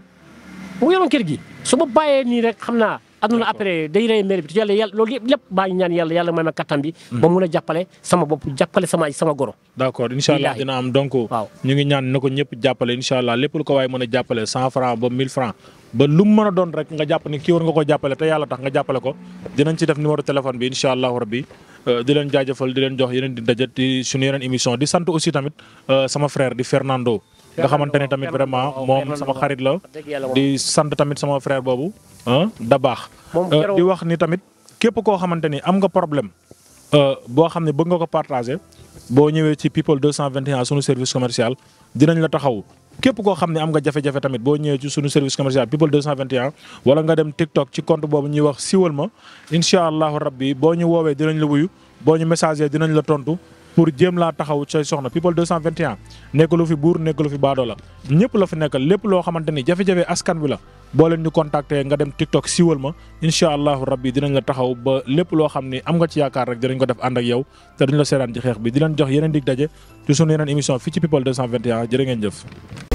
moo yoroon kër gi su nii rek xam naa. aduna après day rey mérite bi yàlla yàlla loolu yëpp lépp baa ngi ñaan yàlla yàlla may ma kattan bi ba mun a jàppale sama bopp jàppale sama sama goro d' accord incha allah dina am donc ñu ngi ñaan na ko ñëpp jàppale incha allah lépp lu ko waaye mën a jàppale cent franc ba mille franc ba lu mu a doon rek nga jàpp ni kii war nga ko jàppale te yàlla tax nga jàppale ko dinañ ci def numéro téléphone bi incha allahu rabbi euh, di leen jaajëfal di leen jox yeneen di daje di suñu yeneen émission di sant aussi tamit euh, sama frère di Fernando nga xamante ne tamit vraiment moom sama xarit la di sant tamit sama frère boobu da baax euh, di wax ni tamit képp koo xamante ni am nga problème euh, boo xam ne bëgg nga ko partager boo ñëwee ci people 221 sunu service commercial dinañ la taxaw képp koo xam ne am nga jafe-jafe tamit boo ñëwee ci sunu service commercial people 221 wala nga dem TikTok ci compte boobu ñuy wax siwal ma incha allahu rabbi boo ñu woowee dinañ la wuyu boo ñu messager dinañ la tontu pour jéem laa taxaw say soxna people 221 nekkalu fi buur nekkalu fi baadoo la ñëpp la fi nekkal lépp loo xamante ni jafe-jafe askan wi la boo leen ñu contacter nga dem TikTok siiwal ma incha allahu rabbi dinañ la taxaw ba lépp loo xam ni am nga ci yaakaar rek dinañ ko def ànd ak yow te duñ la seetaan ci xeex bi di leen jox yeneen dig daje ci sunu yeneen émission fii ci people 221 jërë ngeen jëf.